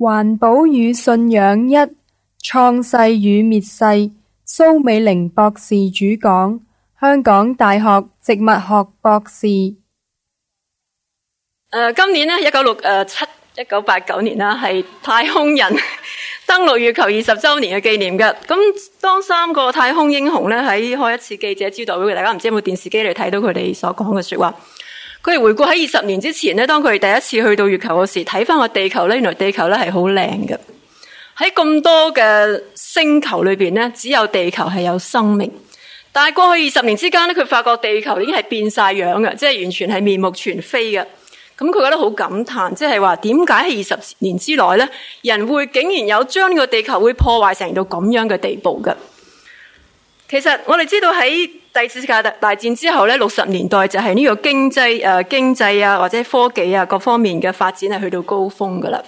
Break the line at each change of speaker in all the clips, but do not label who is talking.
環保與信仰一創世與滅世，蘇美靈博士主講，香港大學植物學博士。呃、今年呢一九六、呃、七一九八九年啦，係太空人 登陸月球二十周年嘅紀念嘅。咁當三個太空英雄咧喺開一次記者招待會，大家唔知有冇電視機裏睇到佢哋所講嘅說話。佢哋回顧喺二十年之前呢，當佢哋第一次去到月球嘅時候，睇返個地球呢，原來地球呢係好靚㗎。喺咁多嘅星球裏面呢，只有地球係有生命。但係過去二十年之間呢，佢發覺地球已經係變晒樣嘅，即係完全係面目全非嘅。咁佢覺得好感嘆，即係話點解喺二十年之內呢，人會竟然有將呢個地球會破壞成到咁樣嘅地步嘅？其實我哋知道喺。第二次世界大戰之後呢，六十年代就係呢個經濟誒、啊、經濟啊，或者科技啊各方面嘅發展係去到了高峰㗎喇。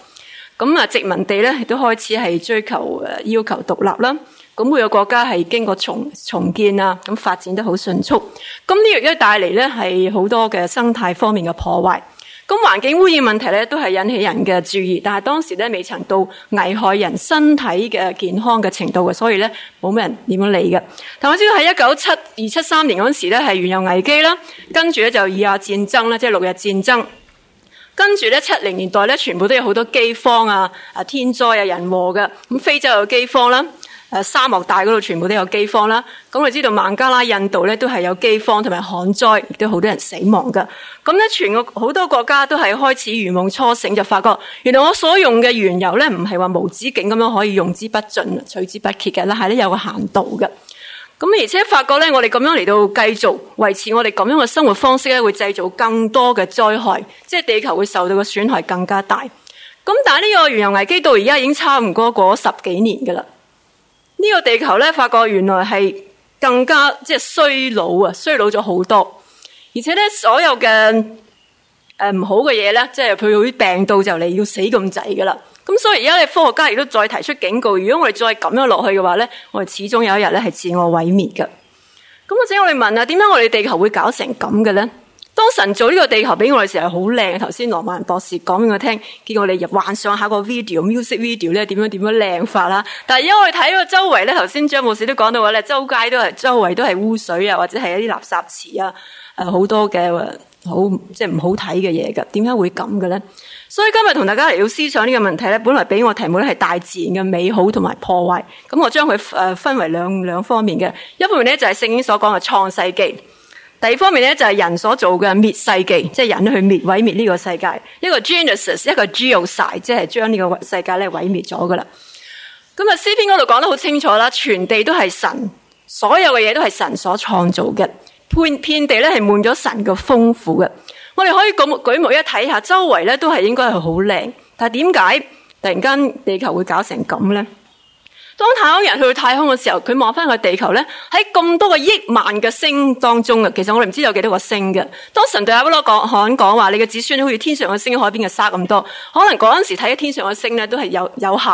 咁啊，殖民地呢都開始係追求要求獨立啦。咁每個國家係經過重重建啊，咁發展得好迅速那麼這個來。咁呢樣咧帶嚟呢係好多嘅生態方面嘅破壞。咁環境污染問題咧，都係引起人嘅注意，但係當時咧未曾到危害人身體嘅健康嘅程度嘅，所以呢冇咩人點樣理嘅。但我知道喺一九七二七三年嗰陣時咧係原油危機啦，跟住呢就以阿戰爭啦，即係六日戰爭，跟住呢七零年代呢，全部都有好多饑荒啊、天災啊、人禍㗎。咁非洲有饑荒啦。誒沙漠大嗰度全部都有饑荒啦，咁我哋知道孟加拉、印度呢都係有饑荒同埋旱災，亦都好多人死亡㗎。咁呢，全個好多國家都係開始如夢初醒，就發覺原來我所用嘅原油呢唔係話無止境咁樣可以用之不盡、取之不竭嘅，啦係呢有個限度㗎。咁而且發覺呢，我哋咁樣嚟到繼續維持我哋咁樣嘅生活方式呢會製造更多嘅災害，即係地球會受到嘅損害更加大。咁但係呢個原油危機到而家已經差唔多過十幾年嘅啦。呢個地球呢，發覺原來係更加即係衰老啊，衰老咗好多，而且呢所有嘅、呃、不唔好嘅嘢西呢即係譬如病到就嚟要死咁滯㗎喇。噉所以而家科學家亦都再提出警告，如果我哋再噉樣落去嘅話，我哋始終有一日呢係自我毀滅嘅。咁或者我哋問點解我哋地球會搞成咁嘅呢？當神造這個地球俾我哋嘅時候係好靚，頭先羅曼博士講俾我聽，叫我哋幻想下個 video music video 咧，點樣點樣靚法啦。但係因為我睇個周圍呢，頭先張博士都講到話呢，周街都係周圍都係污水啊，或者係一啲垃圾池啊，呃、多的好多嘅、就是、好即係唔好睇嘅嘢噶。點解會咁嘅呢？所以今日同大家嚟到思想呢個問題呢，本來俾我題目咧係大自然嘅美好同埋破壞，咁我將佢誒分為兩兩方面嘅，一方面咧就係聖經所講嘅創世記第二方面咧就係人所做嘅滅世記，即係人去滅毀滅呢個世界，一個 Genesis，一個 Geocide，即係將呢個世界咧毀滅咗噶啦。咁啊，詩篇嗰度講得好清楚啦，全地都係神，所有嘅嘢都係神所創造嘅，遍地咧係滿咗神嘅豐富嘅。我哋可以舉舉目一睇下，周圍咧都係應該係好靚，但係點解突然間地球會搞成咁咧？當太空人去到太空的時候，佢望返個地球呢，喺這麼多個億萬嘅星當中，其實我哋唔知有幾多個星嘅。當神對亞伯拉罕講講話，你嘅子孫好似天上嘅星，海邊嘅沙咁多。可能嗰陣時睇天上嘅星咧，都係有有限、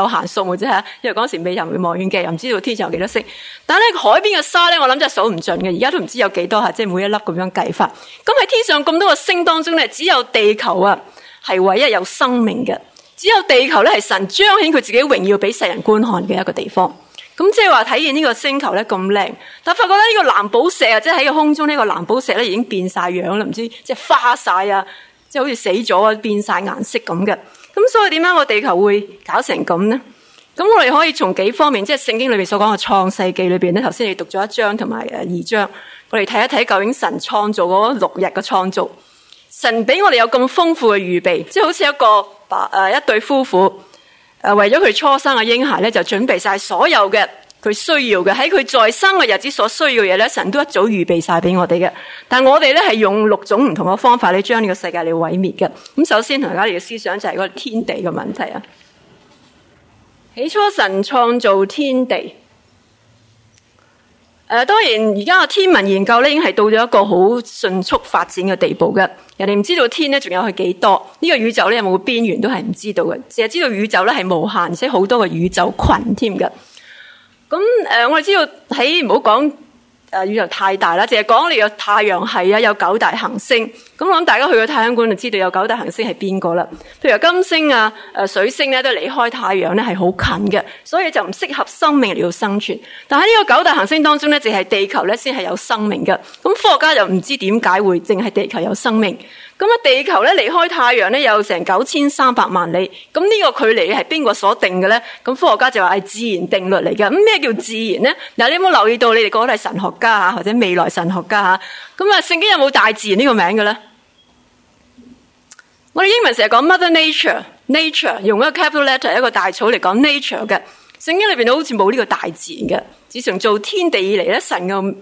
有限數嘅啫。因為嗰陣時未人會望遠鏡，又唔知道天上有幾多星。但係海邊嘅沙咧，我諗真係數唔盡嘅，而家都唔知有幾多吓，即係每一粒咁樣計法。咁喺天上咁多個星當中咧，只有地球啊係唯一有生命嘅。只有地球呢，係神彰顯佢自己榮耀俾世人觀看嘅一個地方，咁即係話睇見呢個星球呢，咁靚，但係發覺咧呢個藍寶石啊，即係喺個空中呢個藍寶石呢，已經變晒樣啦，唔知即係花晒啊，即係好似死咗啊，變晒顏色咁嘅，咁所以點解個地球會搞成咁呢？咁我哋可以從幾方面，即係聖經裏面所講嘅創世記裏面呢，頭先你讀咗一章同埋二章，我哋睇一睇究竟神創造嗰六日嘅創造。神俾我哋有咁豐富嘅預備，即好似一個、呃、一對夫婦，誒為咗佢初生嘅嬰孩咧，就準備晒所有嘅佢需要嘅喺佢在生嘅日子所需要嘅嘢咧，神都一早預備晒俾我哋嘅。但我哋呢係用六種唔同嘅方法嚟將呢個世界嚟毀滅嘅。咁、嗯、首先同大家嚟嘅思想就係個天地嘅問題。起初神創造天地。誒、呃，當然而家個天文研究咧，已經係到咗一個好迅速發展嘅地步嘅。人哋唔知道天呢仲，有係幾多？呢、這個宇宙呢有冇邊緣都係唔知道嘅，淨係知道宇宙呢係無限，而且好多嘅宇宙群添嘅。咁、呃、誒，我哋知道喺唔好講。誒，宇宙太大啦，淨係講你有太陽系啊，有九大行星，咁我諗大家去個太空館就知道有九大行星係邊個啦。譬如金星啊、誒水星咧，都離開太陽咧係好近嘅，所以就唔適合生命嚟到生存。但喺呢個九大行星當中咧，淨係地球咧先係有生命嘅。咁科學家又唔知點解會淨係地球有生命。咁地球咧離開太陽有成九千三百萬里，咁呢個距離係邊個所定嘅呢？咁科學家就話係自然定律嚟嘅。咁咩叫自然呢？嗱，你有冇留意到你哋講係神學家或者未來神學家吓？咁啊，聖經有冇大自然呢個名嘅呢？我哋英文成日講 Mother Nature，Nature Nature, 用一個 capital letter 一個大草嚟講 Nature 嘅。聖經裏面都好似冇呢個大自然嘅，自從造天地以嚟神嘅永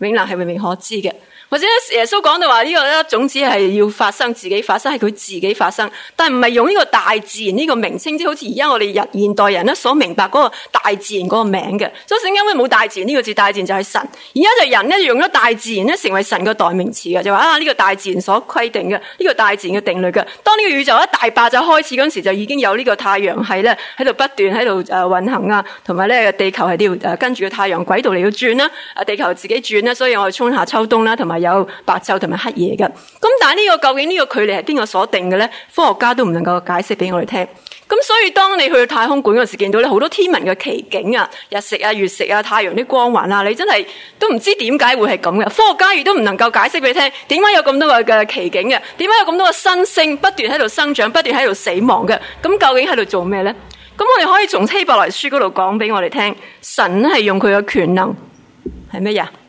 能係明明可知嘅。或者耶穌講到話呢、這個咧，種子係要發生，自己發生係佢自己發生，但是不唔係用呢個大自然呢個名稱，即、就是、好似而家我哋人現代人所明白嗰個大自然嗰個名嘅，所以根本冇大自然呢、這個字，大自然就係神。而家就人用咗大自然咧成為神嘅代名詞嘅，就話、是、呢、啊這個大自然所規定嘅，呢、這個大自然嘅定律嘅。當呢個宇宙一大爆炸就開始嗰時候，就已經有呢個太陽系喺度不斷喺度運行啊，同埋地球係要跟住個太陽軌道嚟到轉啦，地球自己轉啦，所以我哋春夏秋冬啦，同埋。有白晝同埋黑夜嘅，咁但係呢個究竟呢個距離係邊個所定嘅咧？科學家都唔能夠解釋俾我哋聽。咁所以當你去太空館嗰時候見到咧，好多天文嘅奇景啊，日食啊、月食啊、太陽啲光環啊，你真係都唔知點解會係咁嘅。科學家亦都唔能夠解釋俾你聽，點解有咁多個嘅奇景嘅、啊？點解有咁多個新星不斷喺度生長，不斷喺度死亡嘅？咁究竟喺度做咩咧？咁我哋可以從希伯來書嗰度講俾我哋聽，神係用佢嘅權能係乜嘢？是什麼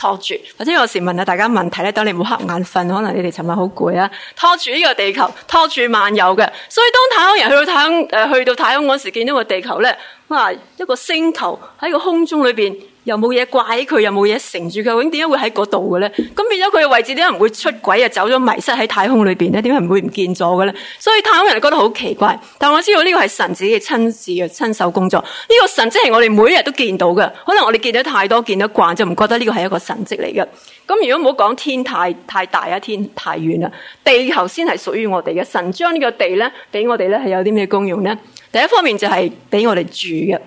拖住，或者有時問下大家問題咧，等你冇瞌眼瞓，可能你哋尋晚好攰啊，拖住呢個地球，拖住萬有嘅，所以當太空人去到太空、呃、去到太空嗰時見到個地球呢，哇，一個星球喺個空中裏面。又冇嘢掛佢，又冇嘢承住佢，咁點解會喺嗰度嘅呢？咁變咗佢嘅位置，點解唔會出軌啊？走咗迷失喺太空裏面，咧？點解唔會唔見咗嘅呢？所以太空人覺得好奇怪。但我知道呢個係神自己親自，嘅親手工作。呢、這個神蹟係我哋每日都見到嘅。可能我哋見得太多，見得慣就唔覺得呢個係一個神蹟嚟嘅。咁如果唔好講天太太大呀，天太遠啦，地球先係屬於我哋嘅。神將呢個地呢，俾我哋呢係有啲咩功用呢？第一方面就係俾我哋住嘅。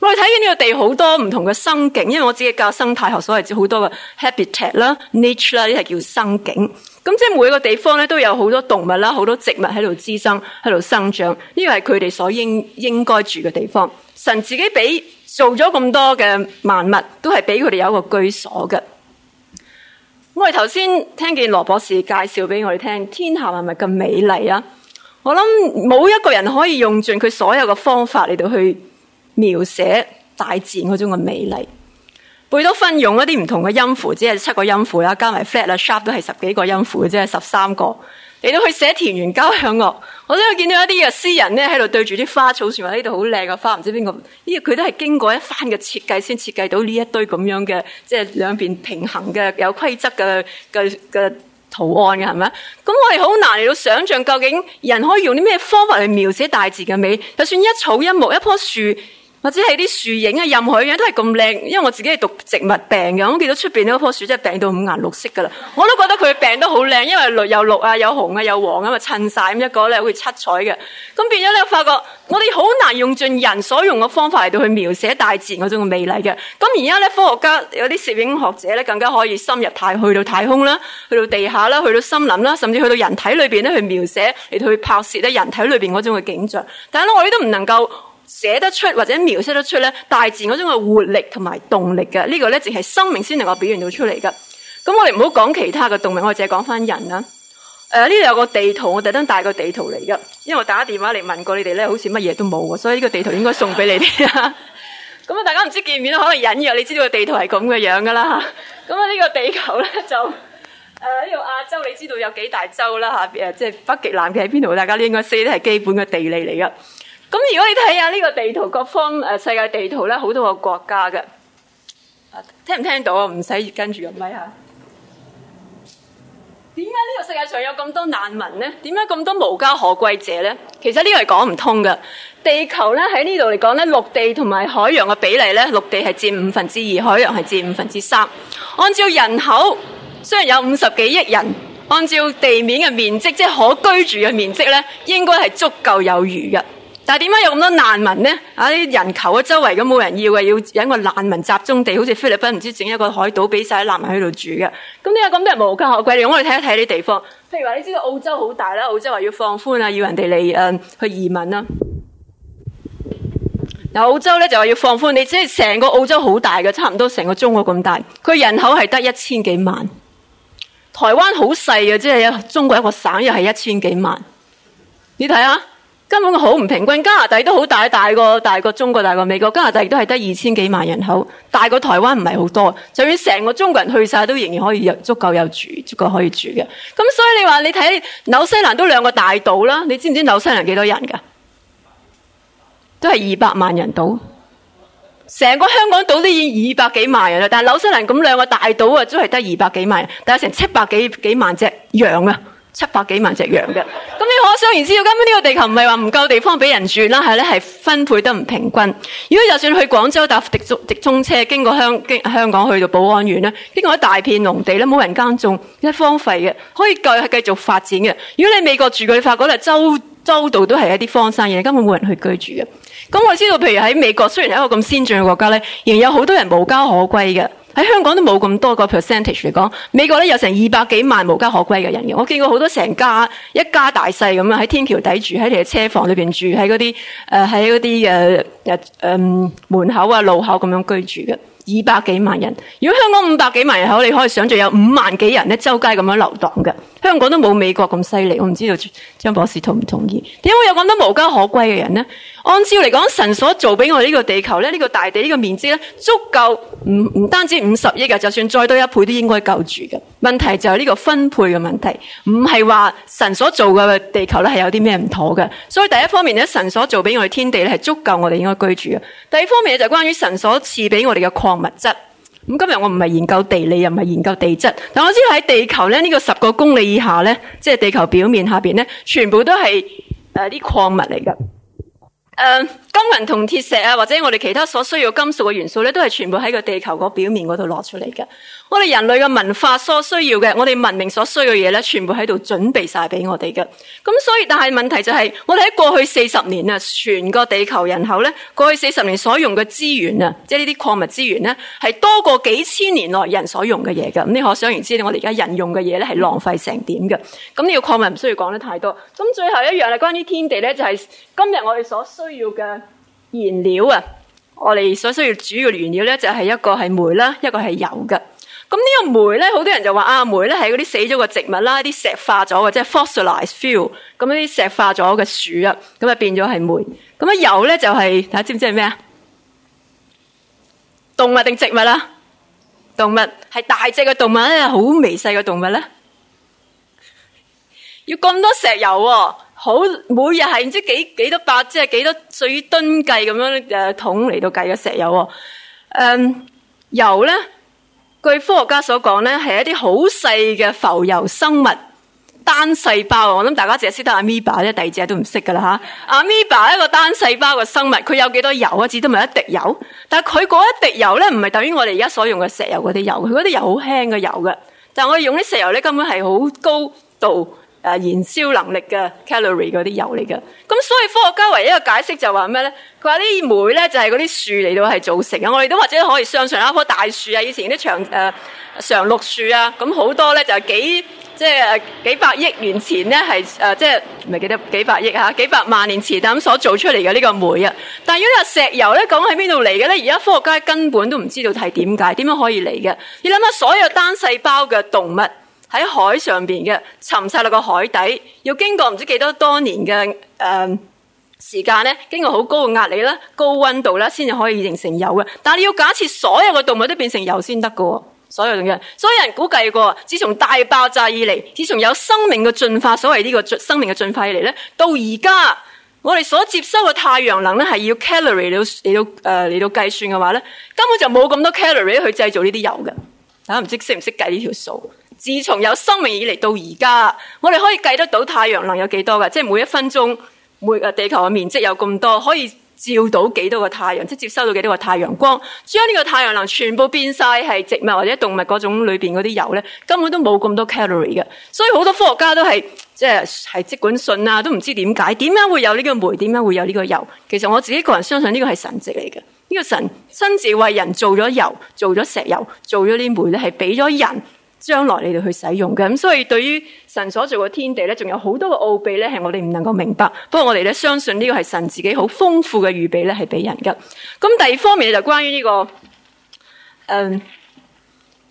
我哋睇見呢個地好多唔同嘅生境，因為我自己教生態學，所謂好多嘅 habitat 啦、nature 啦，呢係叫生境。咁即係每一個地方呢都有好多動物啦、好多植物喺度滋生、喺度生長，呢個係佢哋所應應該住嘅地方。神自己俾做咗咁多嘅萬物，都係俾佢哋有一個居所嘅。我哋頭先聽見羅博士介紹俾我哋聽，天下係咪咁美麗啊？我諗冇一個人可以用盡佢所有嘅方法嚟到去。描寫大自然嗰種嘅美麗，貝多芬用一啲唔同嘅音符，只係七個音符啦，加埋 flat sharp 都係十幾個音符，嘅，即係十三個。嚟到去寫田園交響樂，我都有見到一啲嘅詩人咧喺度對住啲花草，樹話呢度好靚嘅花，唔知邊個？呢個佢都係經過一番嘅設計，先設計到呢一堆咁樣嘅，即係兩邊平衡嘅、有規則嘅、嘅嘅圖案嘅，係咪？咁我係好難嚟到想象究竟人可以用啲咩方法嚟描寫大自然嘅美？就算一草一木、一棵樹。或者係啲樹影啊，任何一樣都係咁靚。因為我自己係讀植物病嘅，我見到出邊嗰棵樹真係病到五顏六色噶啦。我都覺得佢病得好靚，因為綠有綠啊，有紅啊，有黃啊，咪襯晒咁一個咧，好似七彩嘅。咁變咗咧，我發覺我哋好難用盡人所用嘅方法嚟到去描寫大自然嗰種嘅美麗嘅。咁而家呢，科學家有啲攝影學者呢，更加可以深入太去到太空啦，去到地下啦，去到森林啦，甚至去到人體裏邊咧去描寫，嚟到去拍攝咧人體裏邊嗰種嘅景象。但係咧，我哋都唔能夠。寫得出或者描寫得出咧大自然嗰種嘅活力同埋動力嘅呢、呢個咧淨係生命先能夠表現到出嚟噶。咁我哋唔好講其他嘅動力，我淨係講翻人啦。誒、呃，呢度有個地圖，我特登帶個地圖嚟噶，因為我打電話嚟問過你哋咧，好似乜嘢都冇，所以呢個地圖應該送俾你哋。咁啊，大家唔知見面可能隱約你知道個地圖係咁嘅樣噶啦。咁啊，呢個地球咧就誒呢、呃呢個亞洲，你知道有幾大洲啦吓，誒即係北極南極喺邊度，大家應該識咧，係基本嘅地理嚟噶。咁如果你睇下呢個地圖，各方、啊、世界地圖呢，好多個國家嘅，聽唔聽到？唔使跟住入咪下。點解呢個世界上有咁多難民呢？點解咁多無家可歸者呢？其實呢個係講唔通嘅。地球呢，喺呢度嚟講呢，陸地同埋海洋嘅比例呢，陸地係佔五分之二，海洋係佔五分之三。按照人口，雖然有五十幾億人，按照地面嘅面積，即係可居住嘅面積呢，應該係足夠有餘嘅。但點解有咁多難民呢？啊，啲人求喺周圍咁冇人要啊，要引個難民集中地，好似菲律賓唔知整一個海島俾晒啲難民喺度住嘅，咁呢個咁多人無家可歸，我哋睇一睇啲地方。譬如話，你知道澳洲好大啦，澳洲話要放寬要人哋嚟去移民啦。嗱，澳洲呢就話要放寬，你即係成個澳洲好大嘅，差唔多成個中國咁大，佢人口係得一千幾萬。台灣好細嘅即係中國一個省又係一千幾萬。你睇下。根本好唔平均，加拿大都好大，大過大過中國，大過美國。加拿大亦都係得二千幾萬人口，大過台灣唔係好多。就算成個中國人去晒，都仍然可以有足夠有住，足夠可以住嘅。咁所以你話你睇紐西蘭都兩個大島啦，你知唔知紐西蘭幾多人噶？都係二百萬人島，成個香港島都已經二百幾萬人啦。但係紐西蘭咁兩個大島啊，都係得二百幾萬人，但係成七百幾幾萬隻羊啊，七百幾萬隻羊嘅。我雖然知道根本呢個地球唔係話唔夠地方俾人住啦，係分配得唔平均。如果就算去廣州搭直通車經過經香港去到寶安縣經過一大片農地沒冇人耕種，一荒廢嘅，可以繼續發展嘅。如果你美國住嘅，你發覺咧周度都係一啲荒山野，根本冇人去居住嘅。咁我知道，譬如喺美國，雖然係一個咁先進嘅國家咧，仍然有好多人無家可歸嘅。喺香港都冇咁多個 percentage 嚟講，美國呢有成二百幾萬無家可歸嘅人嘅，我見過好多成家一家大細咁樣喺天橋底住，喺你嘅車房裏面住，喺嗰啲誒喺嗰啲誒門口啊路口咁樣居住嘅。二百幾萬人，如果香港五百幾萬人口，你可以想像有五萬幾人呢周街咁樣流蕩嘅，香港都冇美國咁犀利。我唔知道張博士同唔同意？點解有咁多無家可歸嘅人呢？按照嚟講，神所造俾我哋呢個地球呢，呢個大地呢個面積呢，足夠唔，唔單止五十億嘅，就算再多一倍都應該夠住嘅。問題就係呢個分配嘅問題，唔係話神所做嘅地球咧係有啲咩唔妥嘅。所以第一方面咧，神所做俾我哋天地咧係足夠我哋應該居住嘅。第二方面就關於神所賜俾我哋嘅礦物質。咁今日我唔係研究地理，又唔係研究地質。但我知道喺地球咧呢個十個公里以下咧，即係地球表面下邊咧，全部都係誒啲礦物嚟嘅。誒、呃，金銀同鐵石啊，或者我哋其他所需要金屬嘅元素咧，都係全部喺個地球個表面嗰度攞出嚟嘅。我哋人類嘅文化所需要嘅，我哋文明所需要嘅嘢呢，全部喺度準備晒俾我哋嘅。咁所以，但係問題就係、是，我哋喺過去四十年啊，全個地球人口呢，過去四十年所用嘅資源啊，即係呢啲礦物資源呢，係多過幾千年來人所用嘅嘢㗎。咁你可想而知，我哋而家人用嘅嘢呢，係浪費成點㗎。咁呢個礦物唔需要講得太多。咁最後一樣呢，關於天地呢，就係、是、今日我哋所需要嘅原料啊。我哋所需要嘅主要原料呢，就係、是、一個係煤啦，一個係油嘅。咁呢個煤呢，好多人就話啊，煤呢係嗰啲死咗嘅植物啦，啲石化咗嘅，即係 fossilized fuel。咁啲石化咗嘅樹啊，咁啊變咗係煤。咁啊油呢，就係、是，大家知唔知係咩啊？動物定植物啦？動物係大隻嘅動物咧，好微細嘅動物呢。要咁多石油喎？好，每日係唔知道幾幾多百，即係幾多兆噸計咁樣誒桶嚟到計嘅石油。誒、嗯，油呢？據科學家所講呢，係一啲好細嘅浮游生物，單細胞。我諗大家只係識得阿米巴，呢第二隻都唔識㗎啦吓。阿米巴一個單細胞嘅生物，佢有幾多少油？一隻都唔係一滴油，但佢嗰一滴油呢，唔係等於我哋而家所用嘅石油嗰啲油，佢嗰啲油好輕嘅油㗎，但我哋用啲石油呢，根本係好高度。誒、啊，燃燒能力嘅 calorie 嗰啲油嚟㗎。咁所以科學家唯一嘅解釋就話咩呢？佢話啲煤呢，就係嗰啲樹嚟到係造成嘅，我哋都或者可以想象下一棵大樹啊，以前啲長誒常、呃、綠樹啊，咁好多呢，就係幾即係幾百億年前呢，係誒、呃、即係唔係記得幾百億啊？幾百萬年前咁所做出嚟嘅呢個煤啊，但係如果石油呢講喺邊度嚟嘅呢？而家科學家根本都唔知道係點解，點樣可以嚟嘅？你諗下所有單細胞嘅動物。喺海上邊嘅，沉晒落個海底，要經過唔知幾多多年嘅誒、呃、時間咧，經過好高嘅壓力高溫度咧，先至可以形成油嘅。但你要假設所有嘅動物都變成油先得喎，所有動物。所有人估計過，自從大爆炸以嚟，自從有生命嘅進化，所謂呢、這個生命嘅進化嚟咧，到而家我哋所接收嘅太陽能咧，係要 calorie 嚟到、呃、嚟到計算嘅話，根本就冇咁多 calorie 去製造呢啲油嘅。大家唔知識唔識計呢條數？自從有生命以來到而家，我哋可以計得到太陽能有幾多㗎？即是每一分鐘，每個地球嘅面積有咁多，可以照到幾多個太陽，即接收到幾多個太陽光。將呢個太陽能全部變晒係植物或者動物嗰種裏面嗰啲油呢，根本都冇咁多 calorie 嘅。所以好多科學家都係即係係，即管信啊，都唔知點解，點解會有呢個煤，點解會有呢個油？其實我自己個人相信呢個係神蹟嚟嘅，呢、這個神親自為人做咗油，做咗石油，做咗呢煤咧，係畀咗人。將來你哋去使用嘅，咁所以對於神所做嘅天地咧，仲有好多嘅奧秘咧，係我哋唔能夠明白。不過我哋咧相信呢個係神自己好豐富嘅預備咧，係俾人嘅。咁第二方面就關於呢、這個、嗯，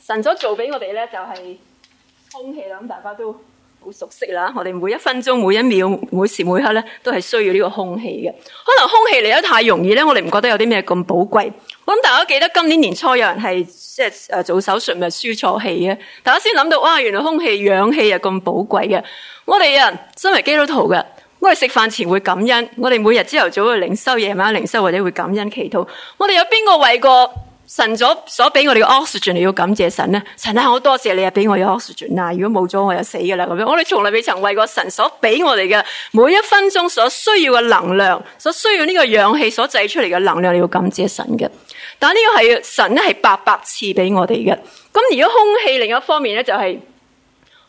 神所做俾我哋咧就係、是、空氣啦，咁大家都，好熟悉啦！我哋每一分鐘、每一秒、每時每刻咧，都係需要呢個空氣嘅。可能空氣嚟得太容易咧，我哋唔覺得有啲咩咁寶貴。我諗大家記得今年年初有人係即係誒做手術咪輸錯氣嘅。大家先諗到哇，原來空氣氧氣又咁寶貴嘅。我哋人身為基督徒嘅，我哋食飯前會感恩，我哋每日朝頭早去靈修，夜晚靈修或者會感恩祈禱。我哋有邊個為過？神所所俾我哋嘅 oxygen，你要感謝神呢。神啊，好多謝你啊，俾我嘅 oxygen。如果冇咗，我就死噶啦。我哋從來未曾為過神所俾我哋嘅每一分鐘所需要嘅能量，所需要呢個氧氣所製出嚟嘅能量，你要感謝神嘅。但係呢個係神係白白賜俾我哋嘅。咁而家空氣另一方面呢，就係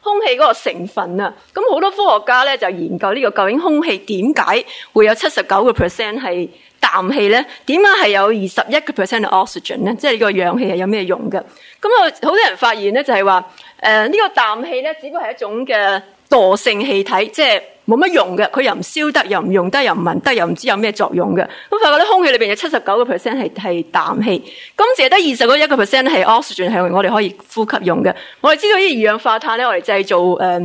空氣嗰個成分啊。咁好多科學家呢，就研究呢、呢個究竟空氣點解會有七十九個 percent 係，是氮氣咧，點解係有二十一個 percent 的 oxygen 咧？即係呢個氧氣係有咩用嘅？咁啊，好多人發現咧，就係、是、話，誒、呃，這個、呢個氮氣咧，只不過係一種嘅惰性氣體，即係冇乜用嘅，佢又唔燒得，又唔用得，又唔聞得，又唔知有咩作用嘅。咁發覺咧，空氣裏邊有七十九個 percent 係係氮氣，咁淨係得二十嗰一個 percent 係 oxygen 係我哋可以呼吸用嘅。我哋知道啲二氧化碳咧，我哋製造誒、呃、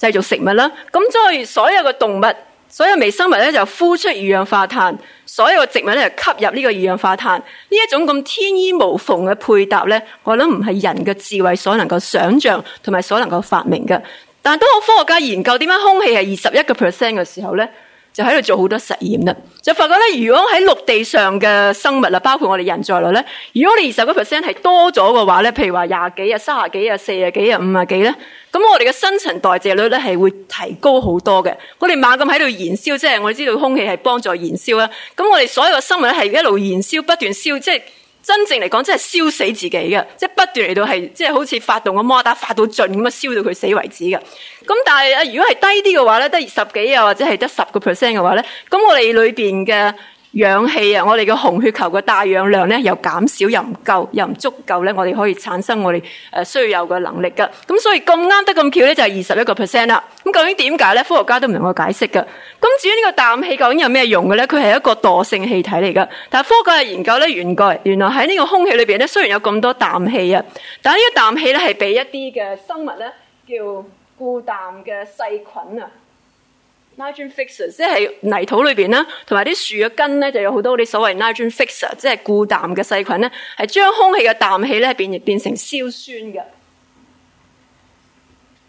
製造食物啦。咁所以所有嘅動物。所有微生物呢就呼出二氧化碳，所有植物呢就吸入呢個二氧化碳。呢一種咁天衣無縫嘅配搭呢，我諗唔係人嘅智慧所能夠想象同埋所能夠發明嘅。但係當科學家研究點解空氣係二十一個 percent 嘅時候呢，就喺度做好多實驗啦，就發覺呢，如果喺陸地上嘅生物啦，包括我哋人在內呢，如果我哋二十個 percent 係多咗嘅話呢，譬如話廿幾啊、三十幾啊、四十幾啊、五十幾咧，咁我哋嘅新陳代謝率呢係會提高好多嘅。我哋猛咁喺度燃燒，即係我知道空氣係幫助燃燒啦。咁我哋所有嘅生物呢係一路燃燒，不斷燒，即係。真正嚟講，真係燒死自己嘅，即係不斷嚟到係，即係好似發動個摩打，發到盡咁啊，燒到佢死為止嘅。咁但係如果係低啲嘅話咧，得二十幾啊，或者係得十個 percent 嘅話咧，咁我哋裏邊嘅。氧氣啊，我哋嘅紅血球嘅大氧量呢，又減少又唔夠又唔足夠呢，我哋可以產生我哋需要嘅能力㗎。咁所以咁啱得咁巧呢，就係二十一個 percent 啦。咁究竟點解呢？科學家都唔同我解釋㗎。咁至於呢個氮氣究竟有咩用嘅呢？佢係一個惰性氣體嚟㗎。但科學家研究呢，原來原來喺呢個空氣裏邊呢，雖然有咁多氮氣啊，但係呢個氮氣呢，係俾一啲嘅生物呢，叫固氮嘅細菌啊。nitrogen fixer 即係泥土裏面啦，同埋啲樹嘅根咧，就有好多啲所謂 nitrogen fixer，即係固氮嘅細菌咧，係將空氣嘅氮氣咧變成硝酸嘅。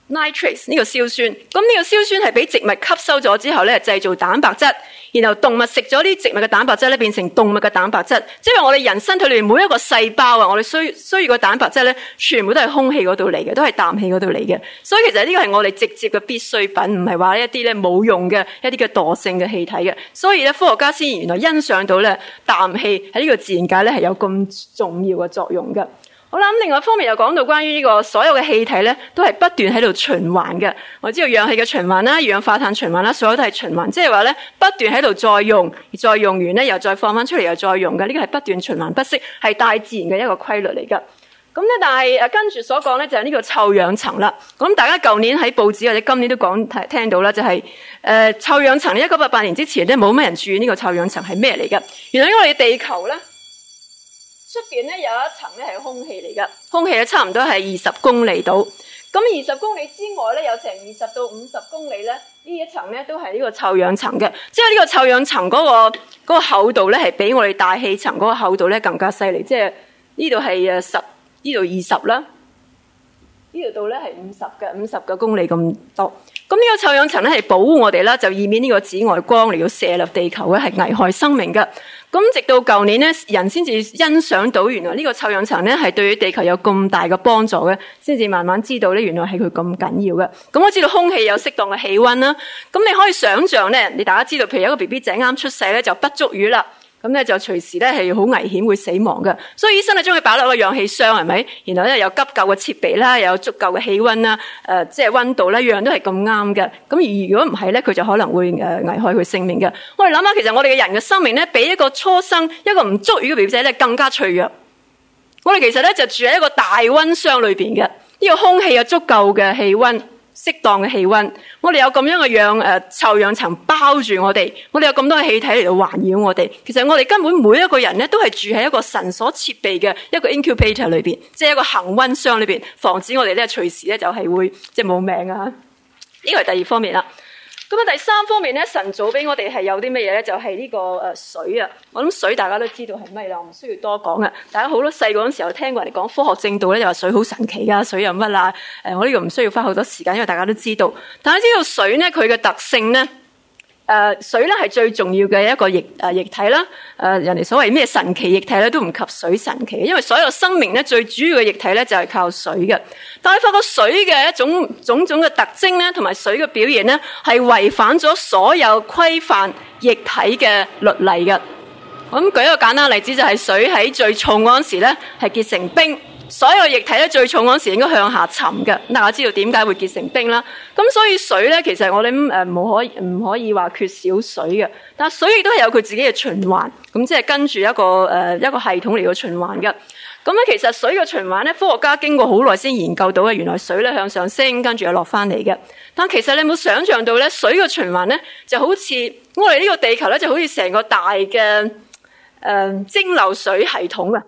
nitrate 呢個硝酸，咁、這、呢個硝酸係俾植物吸收咗之後呢，製造蛋白質，然後動物食咗啲植物嘅蛋白質呢，變成動物嘅蛋白質。即係我哋人身體裏面每一個細胞啊，我哋需需要個蛋白質呢，全部都係空氣嗰度嚟嘅，都係氮氣嗰度嚟嘅。所以其實呢個係我哋直接嘅必需品，唔係話一啲呢冇用嘅一啲嘅惰性嘅氣體嘅。所以呢，科學家先原來欣賞到呢氮氣喺呢個自然界呢係有咁重要嘅作用㗎。好啦，咁另外一方面又講到關於呢個所有嘅氣體呢，都係不斷喺度循環嘅。我知道氧氣嘅循環啦，二氧化碳循環啦，所有都係循環，即係話呢不斷喺度再用，再用完呢，又再放返出嚟，又再用嘅。呢、這個係不斷循環不息，係大自然嘅一個規律嚟㗎。咁呢，但係跟住所講呢，就係、是、呢個臭氧層啦。咁大家舊年喺報紙或者今年都講聽到啦，就係、是、呃臭氧層，一九八八年之前呢，冇咩人注意呢個臭氧層係咩嚟㗎。原來因為地球呢。出邊咧有一層咧係空氣嚟噶，空氣咧差唔多係二十公里度。咁二十公里之外咧有成二十到五十公里咧呢一層咧都係呢個臭氧層嘅。即係呢個臭氧層嗰、嗰個、嗰個厚度咧係比我哋大氣層嗰個厚度咧更加犀利。即係呢度係誒十，呢度二十啦，呢條度咧係五十嘅，五十嘅公里咁多。咁呢個臭氧層咧係保護我哋啦，就以免呢個紫外光嚟到射入地球咧係危害生命嘅。咁直到舊年呢，人先至欣賞到，原來這個呢個臭氧層咧係對於地球有咁大嘅幫助嘅，先至慢慢知道呢，原來係佢咁緊要嘅。咁我知道空氣有適當嘅氣溫啦，咁你可以想象呢，你大家知道，譬如有一個 B B 仔啱出世呢，就不足月啦。咁呢就隨時呢係好危險會死亡㗎。所以醫生呢將佢擺落個氧氣箱，係咪？然後呢，有急救嘅設備啦，又有足夠嘅氣温啦，誒、呃、即係温度呢樣樣都係咁啱㗎。咁如果唔係呢，佢就可能會誒危害佢性命㗎。我哋諗下，其實我哋嘅人嘅生命呢，比一個初生一個唔足月嘅 B B 仔呢更加脆弱。我哋其實呢就住喺一個大温箱裏面㗎，呢、這個空氣有足夠嘅氣温。適當嘅氣温，我哋有咁樣嘅氧、呃、臭氧層包住我哋，我哋有咁多嘅氣體嚟到環繞我哋。其實我哋根本每一個人咧都係住喺一個神所設備嘅一個 incubator 裏面，即係一個恒温箱裏面，防止我哋咧隨時咧就係會即冇命啊！呢個係第二方面啦。咁第三方面咧，神祖俾我哋係有啲乜嘢咧？就係呢個呃水啊！我諗水大家都知道係咩啦，我唔需要多講啊！大家好多細個嗰時候聽過人哋講科學正道呢就話水好神奇啊，水又乜啦？啊，呃，我呢個唔需要花好多時間，因為大家都知道。大家知道水呢，佢嘅特性呢。誒水咧係最重要嘅一個液誒液體啦，誒人哋所謂咩神奇液體咧都唔及水神奇，因為所有生命咧最主要嘅液體咧就係靠水嘅。但係發覺水嘅一種種種嘅特徵咧，同埋水嘅表現咧，係違反咗所有規範液體嘅律例嘅。咁舉一個簡單例子，就係水喺最燥嗰陣時咧，係結成冰。所有液體最重嗰時應該向下沉嘅，嗱我知道點解會結成冰啦。咁所以水呢，其實我哋誒可唔可以話缺少水嘅。但水亦都係有佢自己嘅循環，咁即係跟住一個呃一個系統嚟嘅循環嘅。咁咧其實水嘅循環呢，科學家經過好耐先研究到嘅，原來水呢向上升，跟住又落返嚟嘅。但其實你有冇想象到呢？水嘅循環呢，就好似我哋呢個地球呢，就好似成個大嘅呃蒸餾水系統啊！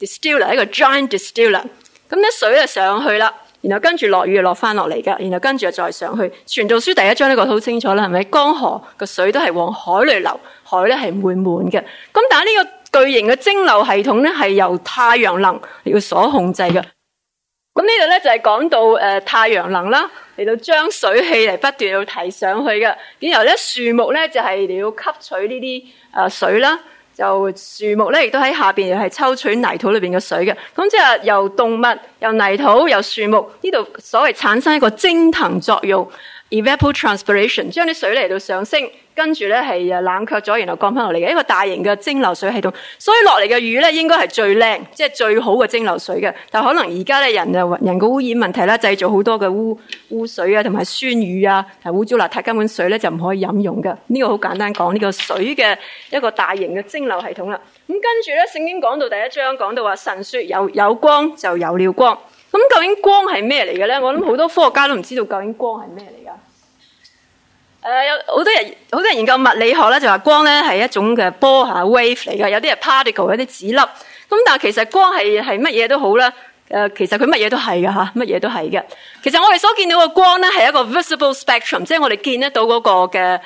distiller 一個 giant distiller，咁呢水就上去啦，然後跟住落雨就落翻落嚟噶，然後跟住又再上去。《傳道書》第一章呢個好清楚啦，係咪？江河個水都係往海裏流，海咧係滿滿嘅。咁但係呢個巨型嘅蒸餾系統咧，係由太陽能嚟到所控制嘅。咁呢度咧就係講到誒太陽能啦，嚟到將水氣嚟不斷要提上去嘅。然後咧樹木咧就係要吸取呢啲誒水啦。就樹木咧，亦都喺下邊，又係抽取泥土裏邊嘅水嘅。咁即係由動物、由泥土、由樹木呢度，這裡所謂產生一個蒸騰作用。Evapo-transpiration 將啲水嚟到上升，跟住呢係冷卻咗，然後降翻落嚟嘅一個大型嘅蒸餾水系統。所以落嚟嘅雨呢應該係最靚，即係最好嘅蒸餾水嘅。但可能而家呢，人人嘅污染問題啦，製造好多嘅污、污水呀同埋酸雨呀，同污糟邋遢，根本水呢就唔可以飲用嘅。呢個好簡單講，呢個水嘅一個大型嘅蒸餾系統啦。咁跟住呢，聖經講到第一章，講到話神說：「有有光就有了光。」究竟光係咩嚟嘅呢？我諗好多科學家都唔知道究竟光係咩嚟噶誒、呃，有好多人，好多人研究物理學呢，就話光呢係一種嘅波吓、啊、wave 嚟噶，有啲係 particle，有啲紙粒。咁但其實光係，係乜嘢都好啦、呃。其實佢乜嘢都係嘅，乜嘢都係嘅。其實我哋所見到嘅光呢，係一個 visible spectrum，即係我哋見得到嗰個嘅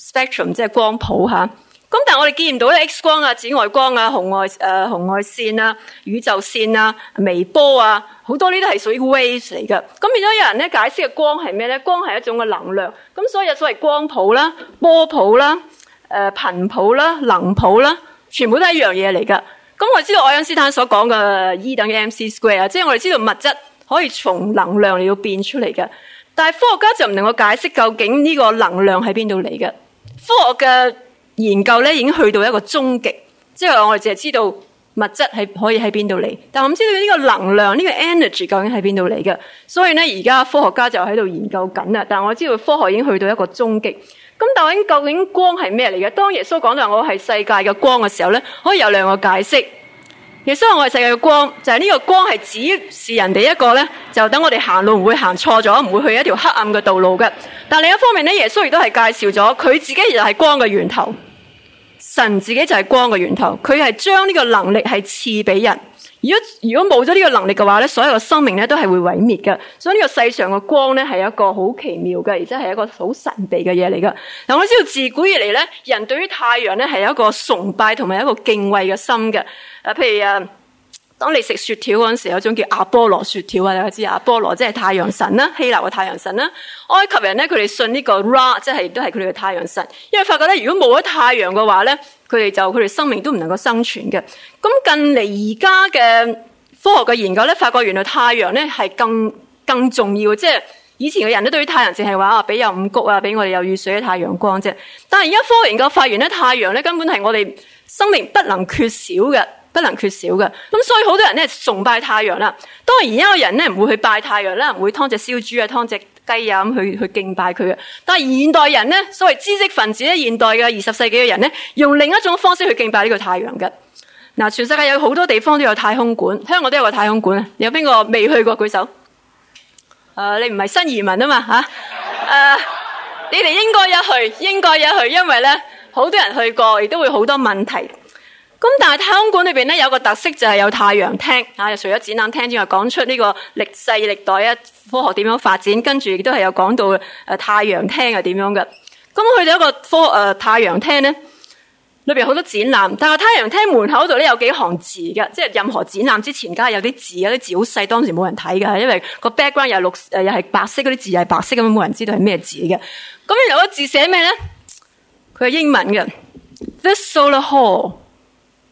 spectrum，即係光譜咁但係我哋見唔到 x 光啊、紫外光啊、紅外誒、呃、紅外線啊、宇宙線啊、微波啊，好多呢都係屬於 wave 嚟㗎。咁變咗有人呢解釋嘅光係咩呢？光係一種嘅能量。咁所以有所謂光譜啦、波譜啦、誒頻譜啦、能譜啦，全部都係一樣嘢嚟㗎。咁我哋知道愛因斯坦所講嘅 E 等於 M C square 啊，即係我哋知道物質可以從能量裏面變出嚟㗎。但係科學家就唔能夠解釋究竟呢個能量喺邊度嚟㗎。科學嘅。研究咧已經去到一個終極，即係我哋淨係知道物質係可以喺邊度嚟，但係我唔知道呢個能量呢個 energy 究竟喺邊度嚟嘅。所以咧而家科學家就喺度研究緊啦。但係我知道科學已經去到一個終極。咁究竟究竟光係咩嚟嘅？當耶穌講到我係世界嘅光嘅時候咧，可以有兩個解釋。耶穌話我係世界嘅光，就係、是、呢個光係指示人哋一個咧，就等我哋行路唔會行錯咗，唔會去一條黑暗嘅道路嘅。但另一方面咧，耶穌亦都係介紹咗佢自己亦係光嘅源頭。神自己就係光嘅源頭，佢係將呢個能力係賜畀人。如果如果冇咗呢個能力嘅話呢，所有嘅生命呢都係會毀滅嘅。所以呢個世上嘅光呢，係一個好奇妙嘅，而且係一個好神秘嘅嘢嚟嘅。嗱，我知道自古以嚟呢，人對於太陽呢，係有一個崇拜同埋一個敬畏嘅心嘅。譬如啊，當你食雪條嗰陣時，有種叫阿波羅雪條，你大家知阿波羅即係太陽神啦，希臘嘅太陽神啦。埃及人呢，佢哋信呢個 Ra，即係都係佢哋嘅太陽神。因為發覺呢，如果冇咗太陽嘅話呢，佢哋就佢哋生命都唔能夠生存嘅。咁近嚟而家嘅科學嘅研究呢，發覺原來太陽呢係更更重要嘅。即係以前嘅人都對於太陽淨係話啊，俾有五穀啊，俾我哋有雨水、太陽光啫。但係而家科學研究發現呢，太陽呢根本係我哋生命不能缺少嘅。不能缺少嘅，咁所以好多人呢，崇拜太陽啦。當然，一個人呢唔會去拜太陽咧，唔會劏隻燒豬呀，劏隻雞啊咁去去敬拜佢嘅。但現代人呢，所謂知識分子呢，現代嘅二十世紀嘅人呢，用另一種方式去敬拜呢個太陽㗎。嗱，全世界有好多地方都有太空館，香港都有個太空館。有邊個未去過舉手？呃、你唔係新移民嘛，啊嘛、 啊、你哋應該入去，應該入去，因為呢，好多人去過，亦都會好多問題。咁但係太空館裏邊咧，有個特色就係有太陽廳吓，除咗展覽廳之外，講出呢個歷世歷代啊，科學點樣發展，跟住亦都係有講到誒、呃、太陽廳係點樣嘅。咁、嗯、去到一個科誒、呃、太陽廳咧，裏邊好多展覽，但係太陽廳門口度咧，有幾行字嘅，即係任何展覽之前，梗係有啲字，有啲字好細，當時冇人睇嘅，因為個 background 又係綠誒、呃，又係白色，嗰啲字係白色咁，冇人知道係咩字嘅。咁、嗯、有個字寫咩咧？佢係英文嘅，This solar hall。